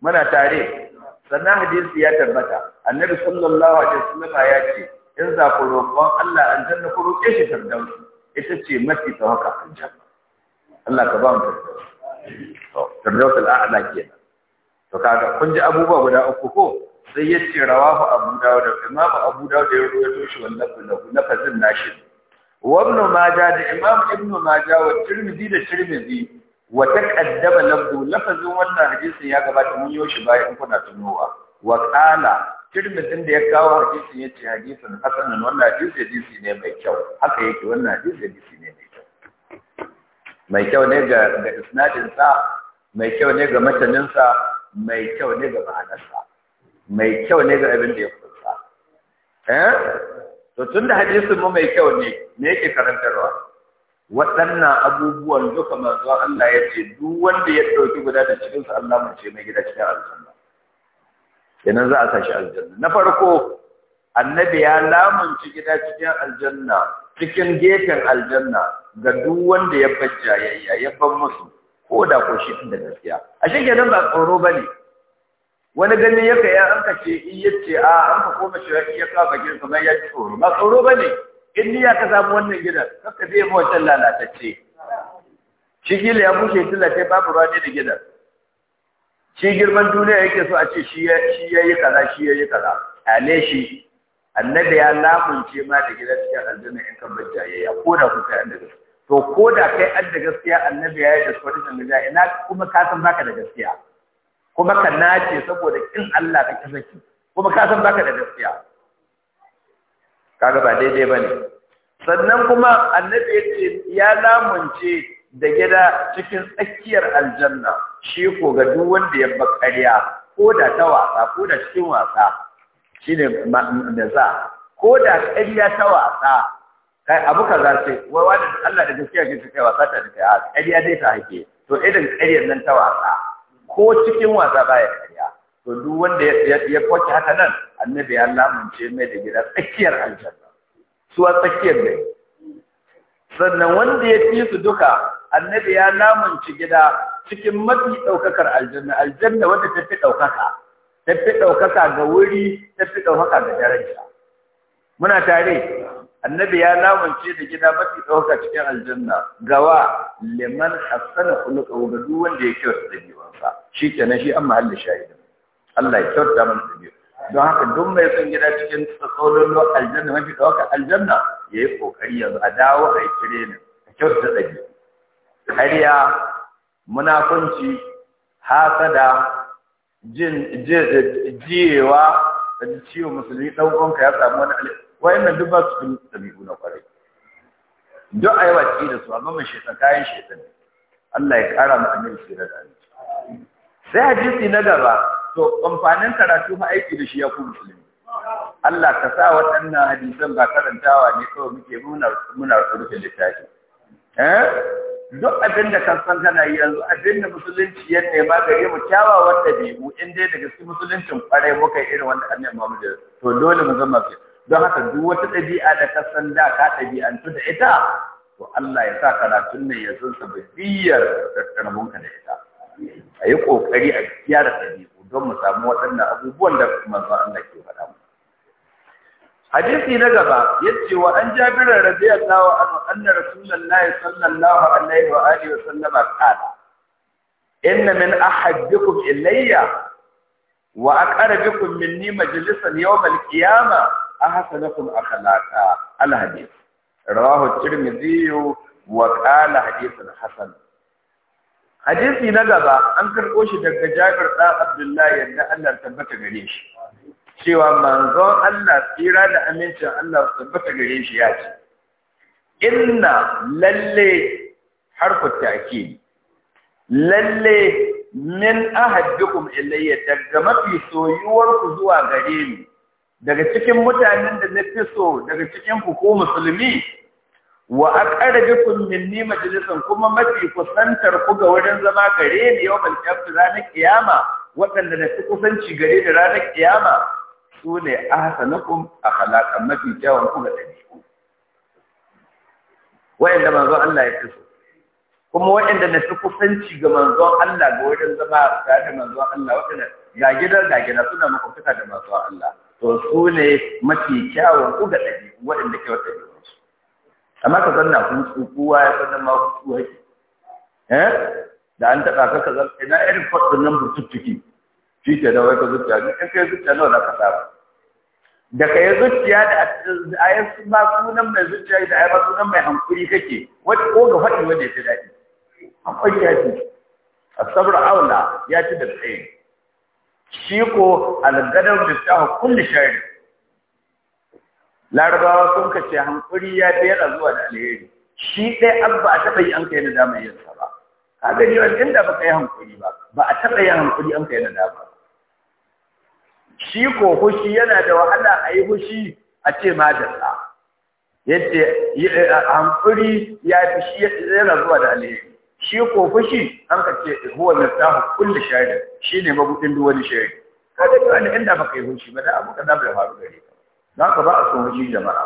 muna tare sannan hadisi ya tabbata annabi sallallahu alaihi wasallam ya ce in za ku roƙon Allah aljanna ku roƙe shi su, ita ce mafi tsawon aljanna Allah ka ba mu firdausi to firdausi al'a'la kenan to kaga kun ji abubuwa guda uku ko sai ya ce fa abu da imamu abu da ya rawaito shi wannan bulahu fazin nashi wa ibn majah da imam ibn majah wa tirmidhi da tirmidhi wa taqaddama lafzu lafzu wannan hadisin ya gabata mun yi shi bayan kuna tunowa wa qala tirmidhi da ya kawo hadisin ya ce hadisin hasanan wannan hadisi hadisi ne mai kyau haka yake wannan hadisi hadisi ne mai kyau mai kyau ne ga ga isnadin sa mai kyau ne ga matanin sa mai kyau ne ga ma'anarsa mai kyau ne ga abin da ya kusa eh to tunda hadisin mu mai kyau ne me yake karantarwa waɗannan abubuwan duka manzon Allah ya ce duk wanda ya ɗauki guda da cikin sa Allah ce mai gida cikin aljanna kenan za a sashi aljanna na farko annabi ya lamunci gida cikin aljanna cikin gefen aljanna ga duk wanda ya bar jayayya ya ban musu ko da ko shi da gaskiya a shi kenan ba tsoro ba wani ganin yaka ya an ka ce in yace a an ka koma shi ya kafa bakin kuma ya ci tsoro ba tsoro ba ne in ni ya ka samu wannan gidan kaka zai mu wancan lalatacce shi gila ya bushe sai babu ruwa ne da gidan shi girman duniya yake so a ce shi ya yi kaza shi ya yi kaza ne shi annabi ya lamunce ma da gidan cikin aljanna in kan bajjaye ya koda kuka yan gaskiya to ko da kai an da gaskiya annabi ya yi da sauran annabi ina kuma ka san baka da gaskiya kuma ka nace saboda kin Allah ka kasance kuma ka san baka da gaskiya kaga ba daidai bane sannan kuma annabi yace ya lamunce da gida cikin tsakiyar aljanna shi ko ga duk wanda ya ba ƙarya ko da ta wasa ko da cikin wasa shine da za ko da ƙarya ta wasa kai eh, abu kaza ce wai wani Allah da gaskiya ke kai wasa ta kai a ah, ƙarya dai ta hake to irin ƙaryar nan ta wasa ko cikin wasa baya ƙarya to duk wanda ya koki haka nan annabi ya lamunce mai da gida tsakiyar aljanna suwa tsakiyar ne sannan wanda ya fi su duka annabi ya lamunce gida cikin mafi ɗaukakar aljanna aljanna wanda ta fi ɗaukaka ta fi ɗaukaka ga wuri ta fi ɗaukaka ga daraja muna tare annabi ya lamunce da gida mafi ɗauka cikin aljanna gawa liman hassana khuluqahu ga duk wanda ya kyauta da shikenan shi an mahallin shahidin Allah ya kyauta mana dabi'u don haka duk mai son gida cikin tsakolon aljanna mafi ɗauka aljanna ya yi kokari yanzu a dawo a yi tirenin a kyauta dabi'u ƙarya munafunci hasada jin jiyewa da ciwo musulmi ɗan uwanka ya samu wani wayannan duk ba su cikin ɗabi'u na kwarai duk a yi watsi da su amma mai shaitan kayan shaitan ne Allah ya ƙara mu annabi sirar da sai hadisi na gaba to amfanin karatu ma aiki da shi ya ku musulmi Allah ka sa waɗannan hadisan ba karantawa ne kawai muke muna muna rufe littafi eh duk abin da ka san kana yi yanzu abin da musulunci ya nema gare mu kyawawan ɗabi'u in dai daga cikin musuluncin kwarai muka irin wanda annabi Muhammad to dole mu zama fiye don haka duk wata ɗabi'a da ka san da ka ɗabi'antu da ita to Allah ya sa karatun nan ya san sababbiyar rabonka da ita a yi ƙoƙari a da ɗabi'u don mu samu waɗannan abubuwan da manzon Allah ke faɗa mu hadisi na gaba yace wa an jabir radiyallahu anhu anna rasulullahi sallallahu alaihi wa alihi wa sallama qala inna min ahadikum ilayya wa aqrabukum minni majlisan yawm al-qiyamah ahsanakum akhlaqa al-hadith rawahu tirmidhi wa qala hadithun hasan hadisi na gaba an karɓo shi daga Jabir ɗan Abdullahi yadda Allah tabbata gare shi cewa manzon Allah tsira da amincin Allah tabbata gare shi ya ce inna lalle harfu ta'kid lalle min ahadikum ilayya daga mafi soyuwarku zuwa gare ni daga cikin mutanen da na fi so daga cikin ku musulmi wa aqrabukum minni majlisan kuma mafi kusantar ku ga wurin zama gare ni yawmal qiyamah ranar kiyama waɗanda da fi kusanci gare da ranar kiyama su ne ahsanakum akhlaqan mafi kyawun ku ga ɗabi'u. wa'anda manzon Allah ya fi so kuma waɗanda na fi kusanci ga manzon Allah ga wajen zama tare da manzon Allah waɗanda ga gidan ga gidan suna makwabtaka da manzon Allah to su ne mafi kyawun ku ga waɗanda waɗanda kyawun ɗabi'unsu amma ka zanna hutsu kowa ya zanna ma hutsu ke. Eh? da an taɓa ka ka zanna ina irin faɗin nan burtuttuki shi ke da ka zuciya duk in kai zuciya nawa za ka samu da ka yi zuciya da a yi ma sunan mai zuciya da a yi ma sunan mai hankuri kake wani ko ga faɗi wanda ya fi daɗi Akwai ya ce a sabar aula ya ci da tsaye Shiko, ko algadar miftahu kulli shari larabawa sun kace hankuri ya tsaya zuwa da alheri shi dai abba a taɓa yi an kai na dama yin sa ba ka gani wani inda ba yi hankuri ba ba a taba yin hankuri an kai na dama shiko hushi yana da wahala a yi hushi a ce ma da sa yadda eh, hankuri ya fi shi yana zuwa da alheri shi ko fushi an ka ce huwa miftahu kulli shi shine mabudin duk wani shay'in kada ka inda baka yi fushi ba da abu kaza bai faru gare ka za ka ba a son fushi jama'a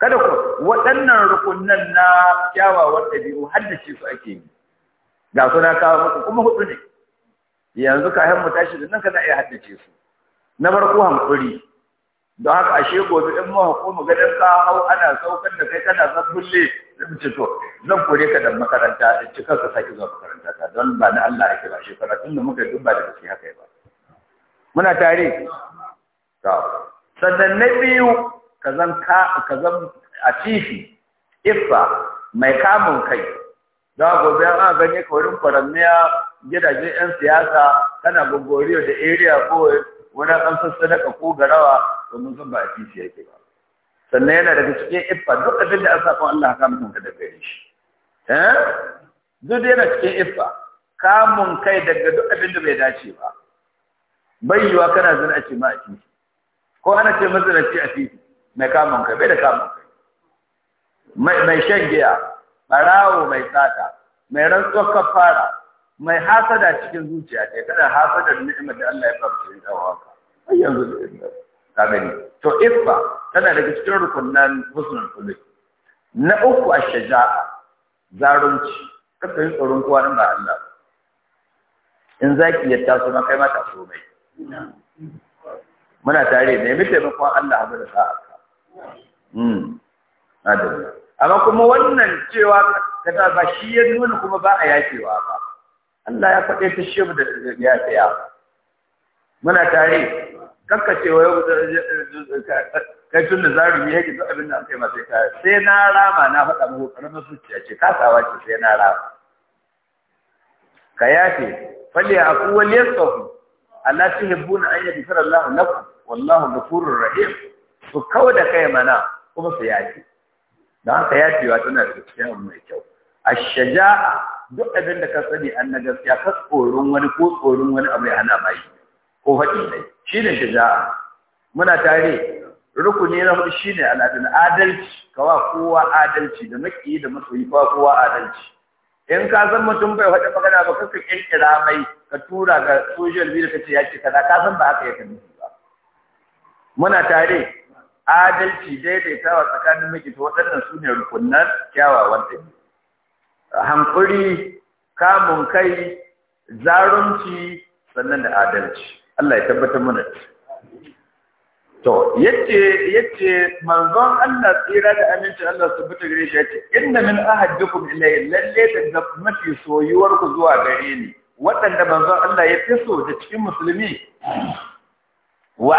kada ku waɗannan rukunnan na kyawawan ɗabi'u haddace su ake yi ga suna kawo muku kuma hudu ne yanzu kayan mu tashi da nan kana iya haddace su na farko hankuri don haka ashe gobe in mu hukuma ganin ka hau ana saukar da kai kana san bulle zan ce to zan kore ka da makaranta da cikar ka sake zuwa makaranta ta don ba na Allah yake ba shi tun da muka duba da gaske haka ba muna tare to sannan na biyu ka zan ka ka zan a tifi ifa mai kamun kai don gobe an gani ka wurin gidajen 'yan siyasa kana gogoriyo da area boy Wani an san sadaka ko garawa to mun san ba a kishi yake ba sannan yana daga cikin iffa duk abin da an sa Allah ka mutum ka daga shi eh duk yana cikin iffa kamun kai daga duk abin da bai dace ba bai yiwa kana zina a ce ma a kishi ko ana ce mazinaci a kishi mai kamun kai bai da kamun kai mai shan giya ɓarawo mai sata mai rantsuwar kafara mai hasada cikin zuciya ce kada hasadar ni'imar da Allah ya ba yin dawa ai yanzu ka gani to ifa tana daga cikin rukunan husnul khuluq na uku ash-shaja'a zarunci kada yin tsoron kowa ba Allah in zaki ya taso ma kai ma taso mai muna tare ne mu taimakon Allah abu da sa'a mm amma kuma wannan cewa kada ba shi ya nuna kuma ba a yakewa ba Allah ya faɗe ta shi da ya tsaya muna tare kanka ce wa yau kai tun da zarumi yake duk abin da aka yi masu kare sai na rama na faɗa muku karamin zuciya ce kasawa ce sai na rama ka yafe falle a kuwal tsofi, Allah shi na an yi bifar Allah ku, wallahu ghafurur rahim su kawo da kai mana kuma su yaki. don haka yafewa tana da cikin mai kyau A shajaa duk abin da ka sani an na gaskiya ka tsoron wani ko tsoron wani abu ya hana mai ko faɗi ne shi ne shaja'a muna tare rukuni na hudu shi ne al'adun adalci Ka wa kowa adalci da maƙiyi da masoyi kawa kowa adalci in ka san mutum bai faɗi magana ba kanka ƙirƙira mai ka tura ga social media ka ce ya ce kaza ka san ba haka ya kan ba muna tare adalci daidaitawa tsakanin miji to waɗannan su ne rukunan kyawawan ɗabi'a hankuri kamun kai zarunci sannan da adalci Allah ya tabbatar mana to yace yace manzon Allah tsira da aminci Allah tabbata gare shi yace inna min ahadikum ilayhi lalle da mafi soyuwar ku zuwa gare ni waɗanda manzon Allah ya fi so da cikin musulmi wa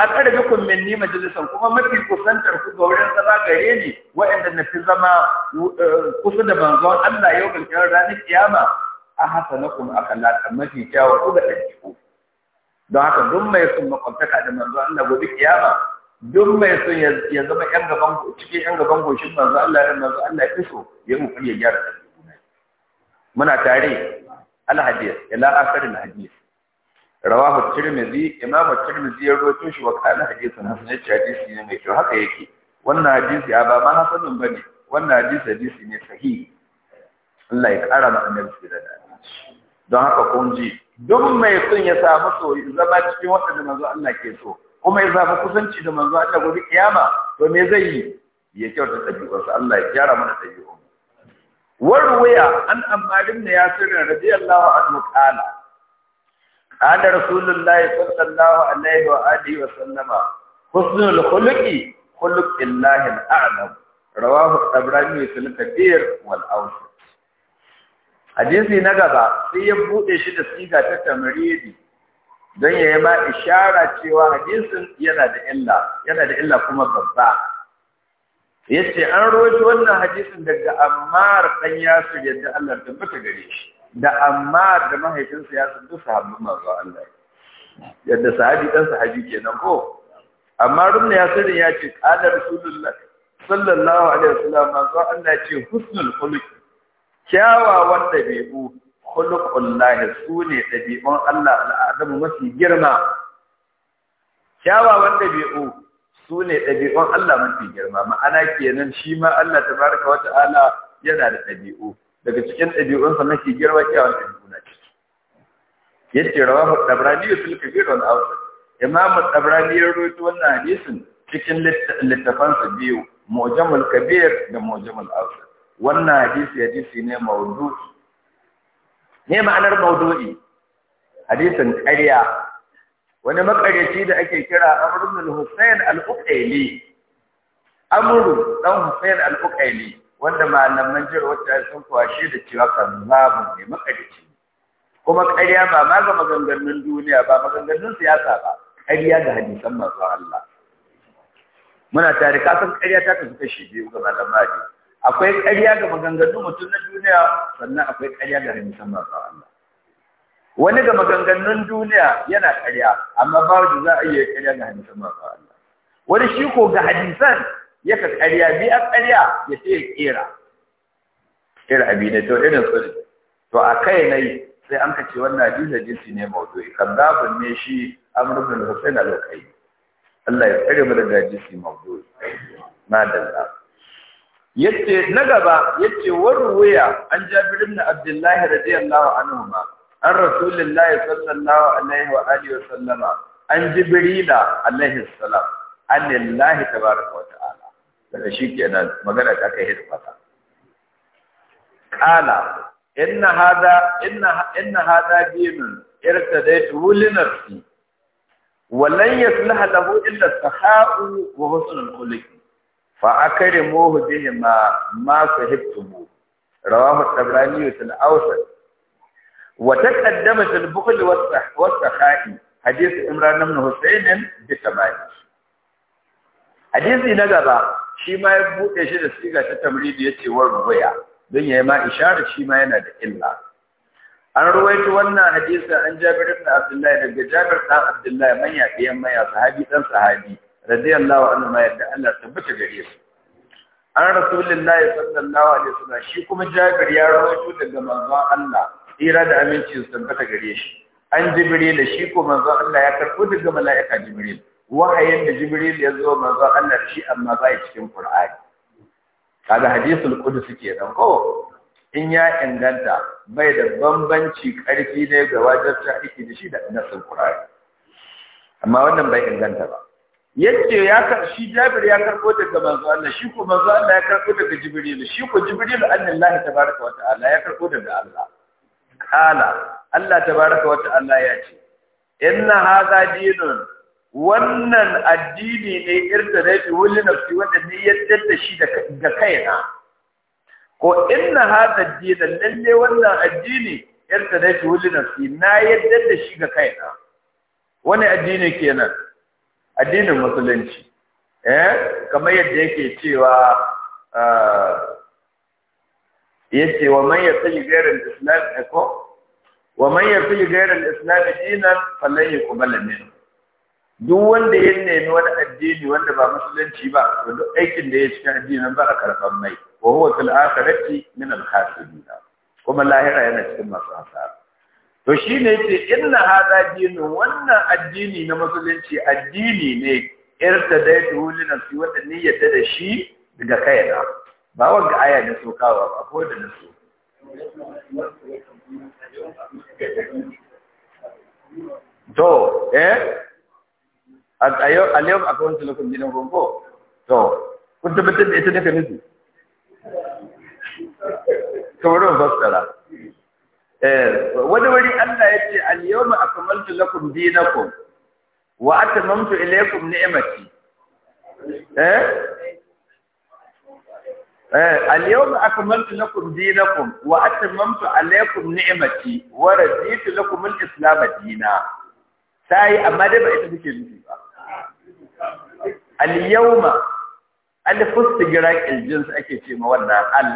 kun minni majalisar kuma mafi kusantar ku ga wurin zama gare ni wa'anda na fi zama eh, kusa da manzon Allah yau bil kiyama ranar kiyama a hasanakum akhlaqan mafi kyawu ku da ku don haka duk mai sun makwabtaka da manzon Allah gobe kiyama duk mai sun ya zama ƴan gaban cikin ƴan gaban goshin manzon Allah da manzon Allah ya so ya mu ya gyara muna tare al ila akarin al rawahu tirmidhi imam tirmidhi ya rawaito shi wa kana hadithun hasan yace hadisi ne mai kyau haka yake wannan hadisi a ba hasanun bane wannan hadisi hadisi ne sahihi Allah ya kara ma annabi da don haka kun ji duk mai son ya samu soyayya zama cikin wanda manzo Allah ke so kuma ya zama kusanci da manzo Allah gobe kiyama to me zai yi ya kyauta ɗabi'unsa Allah ya gyara mana ɗabi'un warwaya an da ya sirra radiyallahu anhu qala قال رسول الله صلى الله عليه وآله وسلم حسن الخلق خلق الله الأعلم رواه الطبراني في الكبير والأوسط hadisi na gaba sai ya bude shi da siga ta tamridi don ya yi ma ishara cewa hadisin yana da illa yana da illa kuma babba yace an roji wannan hadisin daga Ammar dan Yasir yadda Allah ya tabbata gare shi da amma da mahaifinsa ya san dusa sahabbin manzon Allah yadda sahabi dan sahabi kenan ko amma Rumna ya sani ya ce qala rasulullah sallallahu alaihi wasallam manzon Allah ce husnul khuluq kyawawan dabi'u khuluqullahi sune dabi'un Allah al'adamu mafi girma kyawawan dabi'u sune dabi'un Allah mafi girma ma'ana kenan shi ma Allah tabaraka wa ta'ala yana da dabi'u daga cikin ɗabi'unsa ke. girma kyawun ɗabi'una ce yace rawahu tabrani fil kabir wal awsat imam Ɗabrani ya rubuta wannan hadisin cikin littafansa biyu mu'jamul kabir da mu'jamul awsat wannan hadisi hadisi ne mawdu'i ne ma'anar mawdu'i hadisin ƙarya wani makaryaci da ake kira Amr ibn Hussein al-Uqayli Amr dan Hussein al-Uqayli wanda malaman jira wata sun kwashe da cewa kazzabu ne makarici kuma ƙarya ba ma ga maganganun duniya ba maganganun siyasa ba ƙarya ga hadisan masu Allah muna tare ka san ƙarya ta kasu kashi biyu ga malamai. ne akwai ƙarya ga maganganun mutum na duniya sannan akwai ƙarya ga hadisan masu Allah wani ga maganganun duniya yana ƙarya amma ba da za a iya ƙarya ga hadisan masu Allah wani shi ko ga hadisan ya ka ƙarya bi a ƙarya ya ce ya ƙera ƙera abi ne to irin su to a kai nai sai an ka ce wannan da jinsi ne mawdu'i kazzabun ne shi amr da husayn al-ukai Allah ya tsare mu daga jinsi mawdu'i na dalla yace na gaba yace warwaya an Jabir ibn abdullahi radiyallahu anhu ma an Rasulullahi sallallahu alaihi wa alihi wa sallama an Jibrila alaihi salam an lillahi tabaaraka wa ta'ala daga shi ke kenan magana ta kai hidda fata qala inna hada inna inna hada dinin irtadaitu li nafsi wa lan yaslaha lahu illa as-saha'u wa husnul khuluq fa a kare akrimuhu bihima ma sahibtuhu rawahu at-tabrani fil awsat wa taqaddama fil bukhl was-saha'i hadith imran ibn Husainin bi tabani hadisi na gaba shi ma ya buɗe shi da siga ta tamridi ce wa ruwaya don yayi ma isharar shi ma yana da illa an ruwaito wannan hadisi an Jabir ibn daga Jabir dan Abdullah manya ya biyan maya sahabi dan sahabi radiyallahu anhu ma yadda Allah tabbata gare su an rasulullahi sallallahu alaihi wasallam shi kuma Jabir ya rawaito daga manzon Allah tsira da aminci su tabbata gare shi an Jibril shi ko manzon Allah ya karɓo daga mala'ika Jibril wahayin da jibril ya zo manzo Allah shi amma bai cikin qur'ani kaga hadisul qudsi kenan ko in ya inganta bai da bambanci karfi ne ga ta yake da shi da nasul qur'ani amma wannan bai inganta ba yace ya shi jabir ya karbo daga manzo Allah shi ko manzo Allah ya karbo daga jibril shi ko jibril annallahi tabaaraka wa ta'ala ya karbo daga Allah kala Allah tabaaraka wa ta'ala ya ce inna hadha dinun wannan addini ne irta da fi wuli fi wanda ne yadda da shi ga kaina ko inna hada addini lalle wannan addini irta da fi wuli na fi na yadda da shi ga kaina wani addini kenan addinin musulunci eh kamar yadda yake cewa ah, yace wa man yattaji ghayra al-islam eh, ko wa man yattaji ghayra al-islam dinan falan yuqbal minhu duk wanda ya nemi wani addini wanda ba musulunci ba to duk aikin da ya cika addinin ba a karban mai wa huwa fil akhirati min al khasirin kuma lahira yana cikin masu hasara to shine yace inna hada dinu wannan addini na musulunci addini ne irtadaitu li nafsi wanda ni yadda da shi daga kaina ba wanda aya ne sokawa ba ko da nasu to eh a yau akwai wancan lokacin gidan ko to kun tabbatar da ita ne nufi kamar ban eh, wani Allah ya ce al yawma akmaltu lakum dinakum wa atamamtu ilaykum ni'mati eh اليوم أكملت لكم دينكم وأتممت عليكم نعمتي ورديت لكم الإسلام دينا sai amma dai ba ita al-yawma al-fustigraq al ake ce ma wannan al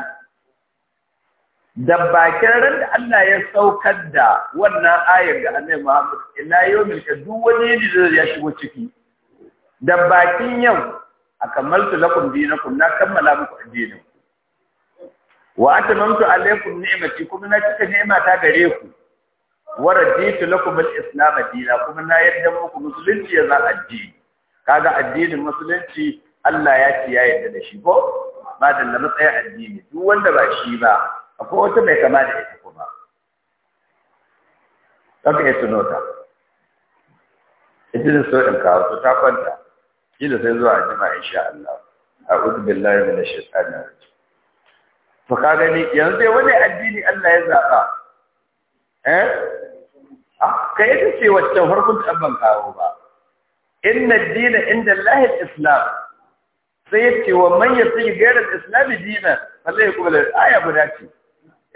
da bakin ran da Allah ya saukar da wannan ayar ga Annabi Muhammad yau yawmil duk wani yadda ya shigo ciki da bakin yau akamaltu lakum dinakum na kammala muku addinin wa atamamtu alaykum ni'mati kuma na cika ni'ima ta gare ku wa raditu lakum al-islam dinan kuma na yadda muku musulunci ya za addini kaga addinin musulunci Allah ya ce ya yarda da shi ko ba da na matsayin addini duk wanda ba shi ba akwai wata mai kama da ita kuma kaka ya tuno ta ita da so in kawo ta kwanta kila sai zuwa jima'a insha Allah a'udhu billahi minash shaitanir rajim to ka gani yanzu dai wani addini Allah ya zaba eh ah, kai ta ce wacce farkon tabban kawo ba inna dina inda lahi islam sai yace wa man yasi ghayra al-islam dina Allah ya kubala aya guda ce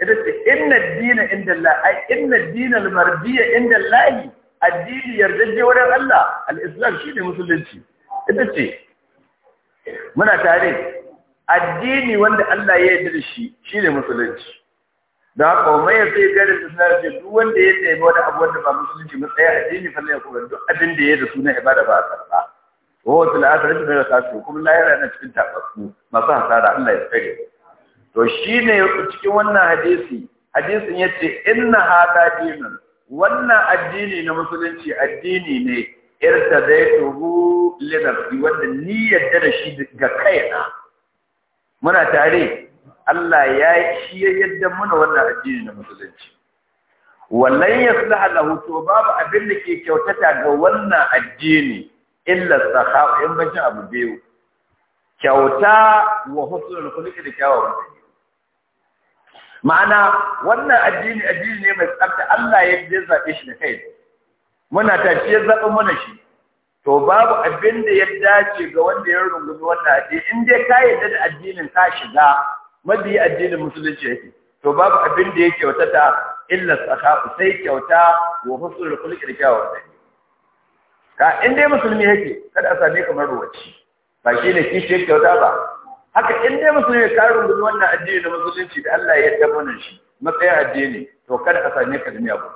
ita ce inna dina inda Allah ai inna dina al-mardiyya inda Allah addini yardaje wurin Allah al-islam shi ne musulunci ita ce muna tare addini wanda Allah ya yarda da shi ne musulunci da haka mai ya sai gare su suna ce duk wanda ya nemi wani abu wanda ba musulunci mu tsaya a dini fa ya kuma duk abin da ya da suna ibada ba a karba wa wata la'asar da da kasu kuma lahira na cikin tabbaku masu hasara Allah ya tsare to shine cikin wannan hadisi hadisin yace inna hada dinin wannan addini na musulunci addini ne irtadaituhu li nafsi wanda ni yadda da shi ga kaina muna tare Allah ya shi ya yadda muna wannan addini na musulunci wallan yaslaha lahu to babu abin da ke kyautata ga wannan addini illa sahaw in bacin abu biyu kyauta wa husnul ke da kyawawan tafiya. ma'ana wannan addini addini ne mai tsafta Allah ya yi zabe shi da kai muna ta ce zabe muna shi to babu abin da ya dace ga wanda ya rungumi wannan addini in dai ka yarda da addinin ka shiga madi addinin musulunci yake to babu abin da ya kyautata illa tsaka sai kyauta wa husnul khuluqi da kyawun dabi'a ka in dai musulmi yake kada a same kamar ruwaci ba shi ne kishi kyauta ba haka in dai musulmi ka rungumi wannan addini na musulunci da Allah ya yarda mana shi matsayin addini to kada a same ka da miyabu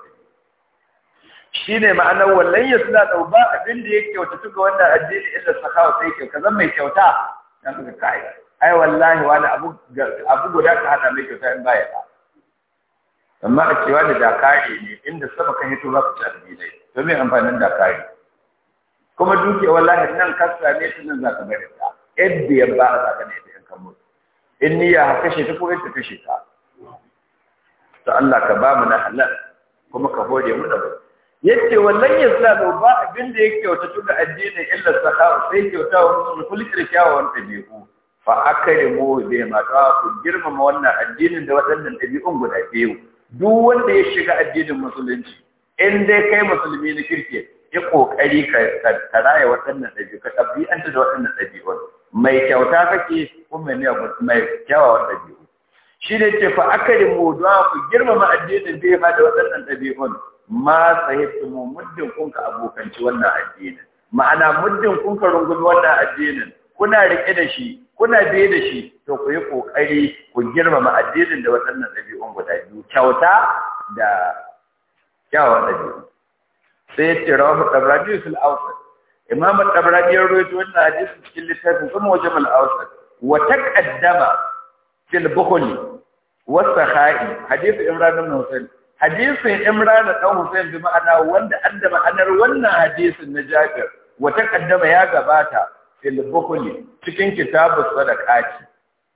shi ne ma'anar wallan ya suna da ba abin da ya kyautata ga wannan addini illa tsaka sai kyauta zan mai kyauta dan ka kai ai wallahi wani abu abu guda ka hada mai kyauta in baya ba amma a cewa da dakari ne inda sama kan hito za ku ci ne to me amfanin dakari kuma duke wallahi nan ka same ta nan za ka bari ta yadda ya ba za ka ne ta yankan mutu in niyya kashe ta ko yadda kashe ta to Allah ka ba mu na halal kuma ka hore mu da bai yace wallan da ba abin da yake kyauta da addinin illa sahaba sai kyauta wa musulmi kullu kirkiyawa wanda bai fa akrimu bi ma ku girmama wannan addinin da waɗannan ɗabi'un guda biyu duk wanda ya shiga addinin musulunci in dai kai musulmi na kirke ya kokari ka raya waɗannan ɗabi'u ka ɗabi'anta da waɗannan ɗabi'un mai kyauta kake kuma ne mai kyawawan ɗabi'u shi ne ce fa akarin mu du'a ku girmama addinin bai ma da waɗannan ɗabi'un ma sahibtu mu muddin kun ka abokanci wannan addinin ma'ana muddin kun ka rungumi wannan addinin kuna riƙe da shi kuna biye da shi to ku yi ƙoƙari ku girmama addinin da waɗannan ɗabi'un guda biyu kyauta da kyawawan ɗabi'u sai ya ce rawahu tabrani fil awsat imam tabrani ya rawaito wannan hadisi cikin littafin kuma wajen al awsat wa taqaddama fil bukhari wa sahahi hadisi imran ibn husayn hadisin imran ibn husayn bi ma'ana wanda addama anar wannan hadisin na jabir wa taqaddama ya gabata fil bukhli cikin kitabus sadaqati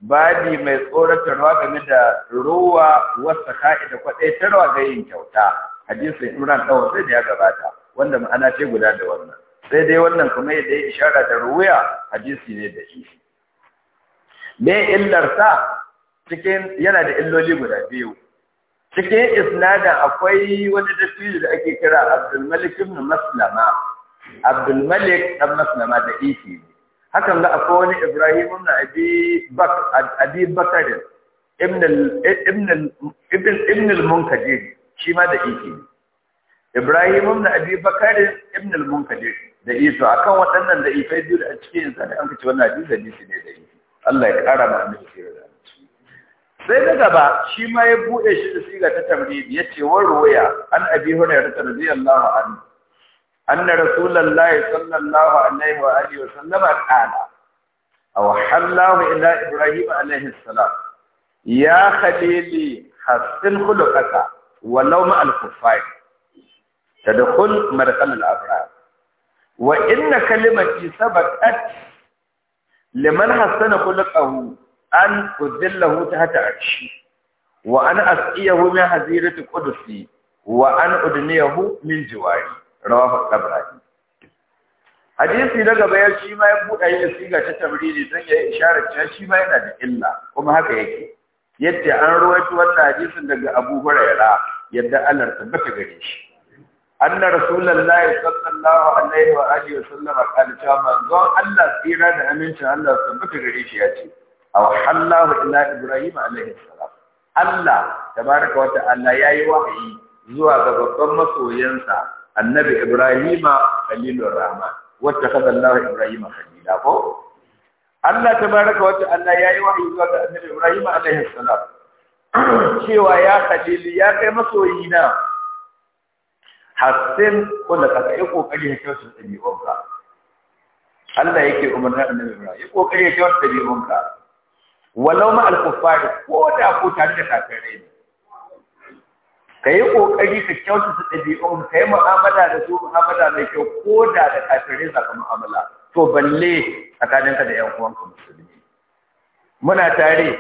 babi mai tsoratarwa game da ruwa wasu ka'i da kwaɗaitarwa ga yin kyauta hadisin imran ɗan sai da ya gabata wanda ma'ana ce guda da wannan sai dai wannan kuma yadda ya ishara da ruwa hadisi ne da shi me illar sa cikin yana da illoli guda biyu cikin isnada akwai wani tafsiri da ake kira abdulmalik ibn maslama malik ibn maslama da ifi ne hakan ga akwai wani Ibrahim ibn Abi Bak Abi Bakr ibn ibn ibn al-Munkadir shi ma da yake Ibrahim ibn Abi Bakr ibn al-Munkadir da yake akan waɗannan da ifai biyu a cikin sa an kace wannan hadisi hadisi ne da yake Allah ya kara ma annabi sirra sai na gaba shi ma ya bude shi da siga ta tambayi yace wa ruwaya an Abi Hurairah radiyallahu anhu أن رسول الله صلى الله عليه وآله وسلم قال أوحى الله إلى إبراهيم عليه السلام يا خليلي حسن خلقك ولو مع الكفار تدخل مرقل الأبرار وإن كلمتي سبقت لمن حسن خلقه أن أذله تحت عرشي وأن أسقيه من حزيرة قدسي وأن أدنيه من جواري rawahu tabrani hadisi na gaba ya shi ma ya buɗa yi da siga ta tabriri don ya isharar cewa shi ma yana da illa kuma haka yake yadda an ruwaito wannan hadisin daga Abu Hurairah yadda Allah tabbata gare shi anna rasulullahi sallallahu alaihi wa alihi wa sallama kana cewa manzon Allah tsira da amincin Allah tabbata gare shi ya ce aw hallahu ila ibrahim alaihi salam Allah tabaraka wa ta'ala yayi wahayi zuwa ga babban masoyansa annabi ibrahima khalilur rahman wacce kaza Allah ibrahima khalila ko Allah tabaraka wa ta'ala yayi wahayi zuwa ga annabi ibrahima alaihi salam cewa ya khalil ya kai masoyi na hasin da ka kai kokari ya kyautu dabi'unka Allah yake umarna annabi ibrahima ya kokari ya kyautu dabi'unka walau ma al-kuffar ko da ko tare da kafirai ka yi ƙoƙari ka kyautata ɗabi'un ka yi mu'amala da su mu'amala mai kyau ko da da kafirai za ka mu'amala to balle tsakaninka da ƴan uwanka musulmi muna tare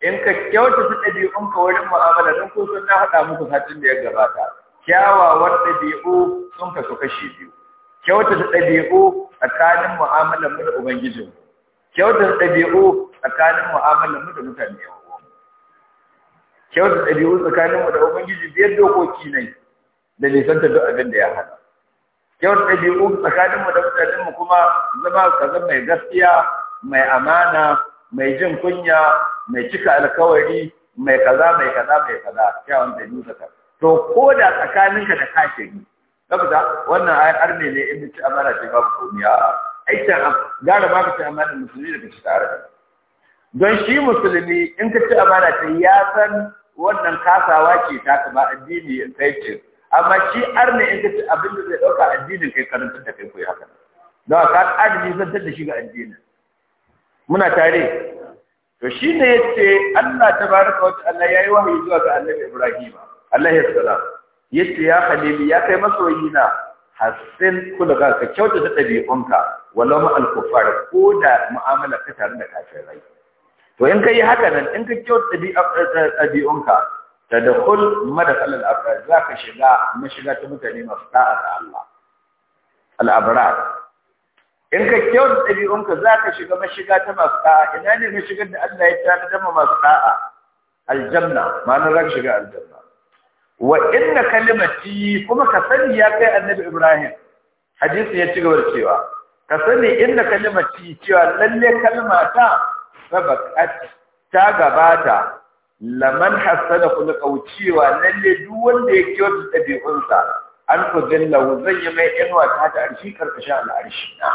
in ka kyautata ɗabi'un ka wurin mu'amala don ko sun na haɗa muku satin da ya gabata kyawawan ɗabi'u sun kasu kashi biyu kyautata ɗabi'u tsakanin mu'amalar mu da ubangijinmu kyautata ɗabi'u tsakanin mu'amalar mu da mutane yawa kyauta ɗabi'u tsakaninmu da ubangiji biyar dokoki ne da nisanta duk abin da ya hana kyauta ɗabi'u tsakaninmu da mu kuma zama kaza mai gaskiya mai amana mai jin kunya mai cika alkawari mai kaza mai kaza mai kaza kyawun ɗabi'u tsakaninmu to ko da tsakaninka da kashiri saboda wannan ayar arme ne in ci amana ce babu komai a'a a gara ba ka ci amana musulmi da ka ci tare da don shi musulmi in ka ci amana ce ya san wannan kasawa ce ta ba addini kai ce amma shi ne in kace abin da zai dauka addinin kai karanta da kai koyi haka don ka addini zantar da shi ga addinin muna tare to shine yace Allah tabaraka wa ta'ala yayi wahayi zuwa ga Annabi Ibrahim Allah ya salam yace ya khalili ya kai masoyina hassin kulga ka kyautata ɗabi'unka walau ma al-kuffar ko da mu'amala ka tare da kafirai to in ka yi haka nan in ka kyau ɗabi'unka ta da kul madakal al'abrar za ka shiga mashiga ta mutane masu ta'a da Allah al'abrar in ka kyau ɗabi'unka za ka shiga mashiga ta masu ta'a ina ne mashigar da Allah ya tana dama masu ta'a aljanna ma'anar za ka shiga aljanna wa inna kalimati kuma ka sani ya kai annabi Ibrahim hadisi ya ci gaba da cewa ka sani inna kalimati cewa lalle kalmata sabakat ta gabata laman hasada kullu kaucewa lalle duk wanda ya kiyo dabi'unsa an kuzillahu zan yi mai inuwa ta ta arshi karkashin al'arshi na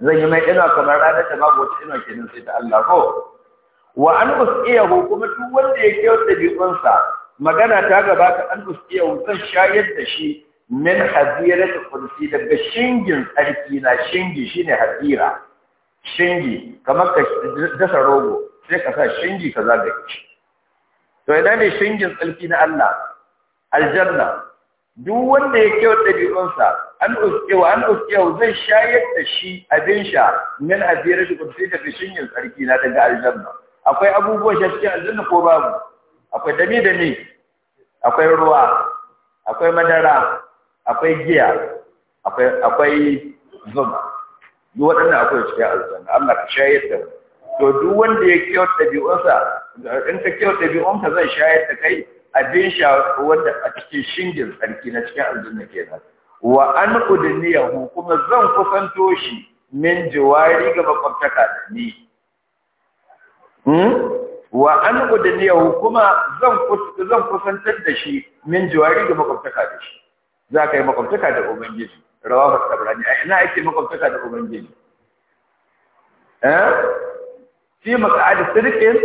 zan yi mai inuwa kamar ranar da babu wata inuwa kenan sai ta Allah ko wa an usqiyahu kuma duk wanda ya kiyo dabi'unsa magana ta gabata an usqiyahu zan shayar da shi min hazirati qudsi daga shingin tsarki na shingi shine hazira shingi kamar ka dasa rogo sai ka sa shingi ka zagaye shi to idan ne shingin tsalki na Allah aljanna duk wanda ya wa ɗabi'unsa an uskewa an uskewa zai shayar da shi abin sha min abiyar da kuma sai daga shingin tsarki na daga aljanna akwai abubuwan shi cikin aljanna ko babu akwai dami dami akwai ruwa akwai madara akwai giya akwai akwai zuma duk waɗanda akwai cikin aljanna Allah ka shayar da to duk wanda ya kyauta ɗabi'unsa in ka kyauta ɗabi'unka zai shayar da kai abin sha wanda a cikin shingin sarki na cikin aljanna kenan wa an udniyahu kuma zan kusanto shi min jiwari ga makwabtaka da ni hmm? wa an udniyahu kuma zan zan kusantar da shi min jiwari ga makwabtaka da shi za ka yi makwabtaka da ubangiji rawa ba a ina ake makwabtaka da ubangiji eh shi maka ajin sirqin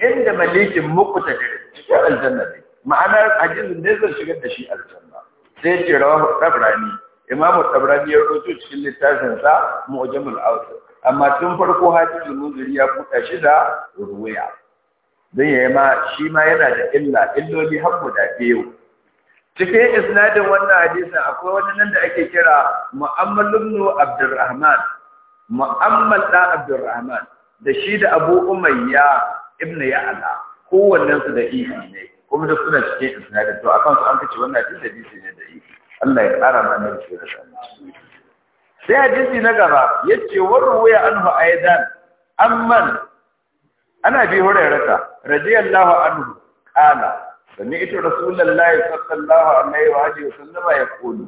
inda malikin muqtadir cikin aljanna ne Ma'ana ajin ne zai shigar da shi aljanna sai ce rawa tsabrani imamu tsabrani ya rubuto cikin littafin sa mu'jamul awsat amma tun farko hadisin munziri ya buɗa shi da ruwaya dan yayi ma shi ma yana da illa illoli har guda biyu cikin isnadin wannan hadisin akwai wani nan da ake kira mu'ammal ibn abdurrahman mu'ammal da abdurrahman da shi da abu umayya ibn ya'la kowannen su da ihi ne kuma da suna cikin isnadin to akan su an kace wannan hadisi hadisi ne da ihi Allah ya kara mana da shi sai hadisi na gaba yace warwaya anhu aidan amman ana bi hurairata radiyallahu anhu qala سمعت رسول الله صلى الله عليه واله وسلم يقول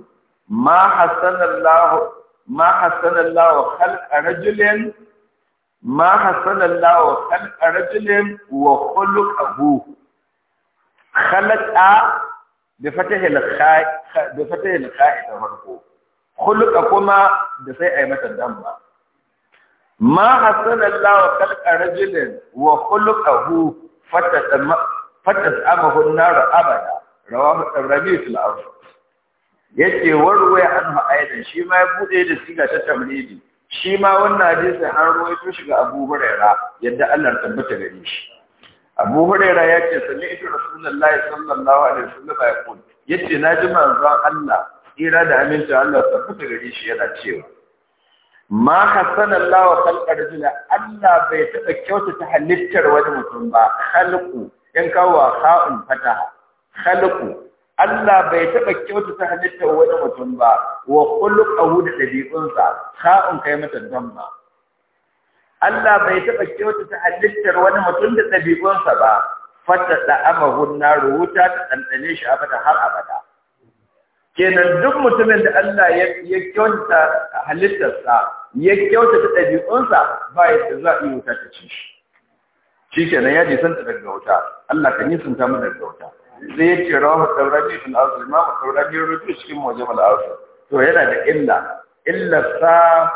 ما حسن الله ما حسن الله خلق رجل ما حسن الله خلق رجل وخلقه خلق بفتح الخاء بفتح الخاء تفرقه خلق كما بسي أي متدمى ما حسن الله خلق رجل وخلقه فتح fatas amahu nar abada rawahu tabrani fil awsat yace warwaya anhu aidan shi ma ya bude da siga ta tabridi shi ma wannan hadisi an ruwaito shi ga Abu Hurairah yadda Allah ya tabbata gare shi Abu Hurairah yace sami'tu Rasulullahi sallallahu alaihi wasallam yaqul yace ji manzon Allah tsira da aminta Allah tabbata gare shi yana cewa ma hasana Allah wa khalqa rajula Allah bai taba kyautata halittar wani mutum ba khalqu in kawo ha'un fataha khalqu Allah bai taɓa ta halittar wani mutum ba wa khuluquhu da dabi'unsa ha'un kai mata damma Allah bai taɓa ta halittar wani mutum da dabi'unsa ba fata da amahun naru wuta ta ɗanɗane shi abada har abada kenan duk mutumin da Allah ya kyautata halittarsa ya ta ɗabi'unsa ba yadda za a yi wuta ta ci shi shi nan ya jisanta daga wuta Allah ka nisanta mu daga wuta sai ya ce rawa taurari fil arz ma taurari rutu cikin da arz to yana da illa illa sa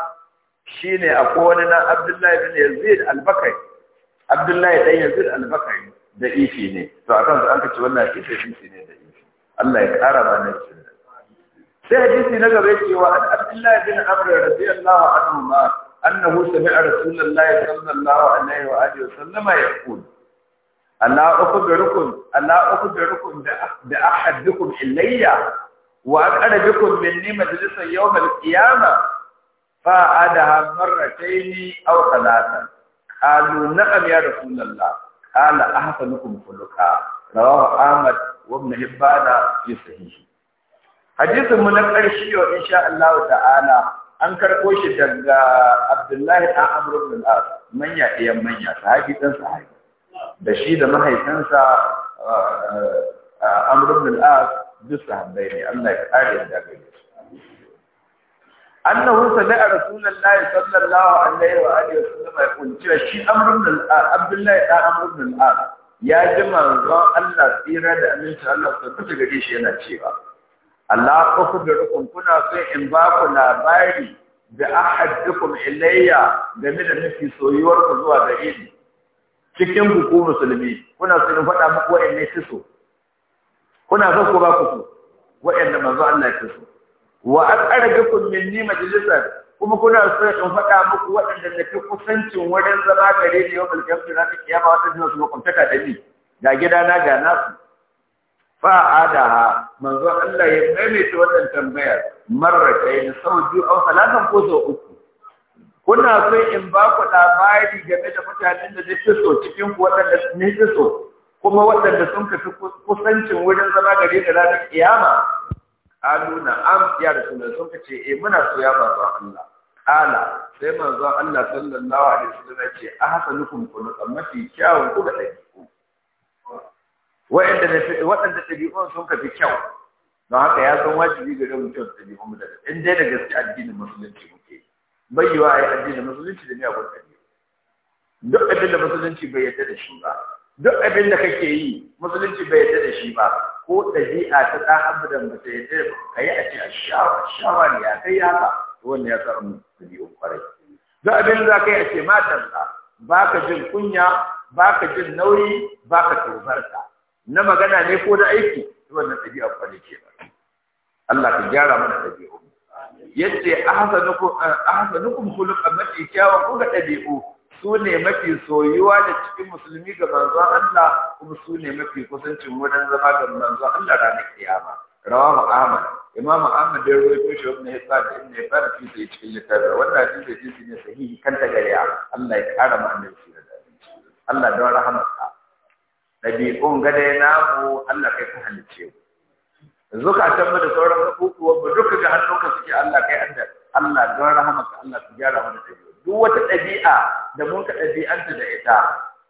shine akwai wani na Abdullahi bin Yazid al-Bakri Abdullahi dan Yazid al-Bakri da ifi ne to akan su an kace wannan ifi ifi ne da ifi Allah ya kara ba ne sai hadisi na gaba wa Abdullahi bin Amr radiyallahu anhu ma أنه سمع رسول الله صلى الله عليه وآله وسلم يقول ألا أخبركم ألا أخبركم بأحدكم إلي وأن بكم مني مجلسا يوم القيامة فأعادها مرتين أو ثلاثا قالوا نعم يا رسول الله قال أحسنكم خلقا رواه أحمد وابن حبان في صحيحه حديث من القرشي وإن شاء الله تعالى an karko shi daga Abdullahi ɗan Amr ibn al manya ɗayan manya sahabi ɗan sahabi da shi da mahaifinsa uh, uh, Amr ibn al-As duk sahabbai ne Allah ya kare da gare su annahu sami'a rasulullahi sallallahu alaihi wa alihi wasallam yaqul cewa shi Amr ibn al Abdullahi ɗan Amr ibn al ya ji manzon Allah tsira da aminta, Allah sun tabbata gare shi yana cewa Allah ukhbirukum kuna so in ba ku labari da ahadukum ilayya game da nufi soyuwar ku zuwa ga ni cikin buku musulmi kuna so in faɗa muku wa'anne so. kuna so ku ba ku so wa'anne manzo Allah so. wa min ni majlisa kuma kuna so in faɗa muku waɗanda da fi kusancin wurin zama gare ni yau bilkin da kiyama wata jinsu ku makwamtaka da ni ga gidana ga nasu ha manzo Allah ya maimaita wannan tambayar marratayn sau biyu a salatan ko sau uku kuna so in ba ku labari game da mutanen da nake so cikin ku waɗanda nake so kuma waɗanda sun kafi kusancin wurin zama gare da ranar kiyama qalu am ya sunan sun kace eh muna so ya manzo Allah qala sai manzo Allah sallallahu alaihi wasallam ya ce ahsanukum qulutan mafi kyawun ku ga dai waɗanda ɗabi'un sun kafi kyau don haka ya san wajibi ga mu kyau ɗabi'un mu daga in dai da gaske addinin musulunci muke bai yiwa a yi addinin musulunci da miyagun ɗabi'u duk abin da musulunci bai yarda da shi ba duk abin da kake yi musulunci bai yarda da shi ba ko ɗabi'a ta ɗan abudan ba ta yarda ba ka yi a ce a shawa shawa ne ya kai haka wannan ya sa mu ɗabi'un kwarai duk abin da za ka yi a ce matan ba ka jin kunya ba ka jin nauyi ba ka tozarta na magana ne ko na aiki wannan ɗabi'a kwale ke ba Allah ka gyara mana ɗabi'u yace ahsanukum eh, ahsanukum khuluqan mafi kyawun ko ga ɗabi'u su ne mafi soyuwa da cikin musulmi ga manzo Allah kuma su ne mafi kusancin wurin zama ga manzo Allah ranar kiyama rawahu Ahmad Imam Ahmad da ko shi ne, sa da ibn Hibban fi sai cikin littafin wannan shi da hadisi ne sahihi kan ta gariya Allah ya kara mu annabi da Allah da rahamarsa ɗabi'un ga namu Allah kai ka halice mu zukatan mu da sauran abubuwan mu duka ga hannunka suke Allah kai an Allah don rahamarka Allah ka gyara mana ɗabi'u duk wata ɗabi'a da mun ka ɗabi'anta da ita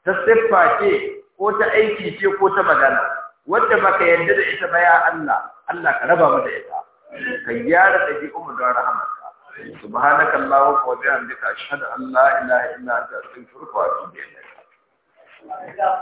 ta siffa ce ko ta aiki ce ko ta magana wanda baka yarda da ita ba ya Allah Allah ka raba mu da ita ka gyara ɗabi'un mu don rahamarka subhanaka allahumma wa bihamdika ashhadu an la ilaha illa anta astaghfiruka wa atubu ilayk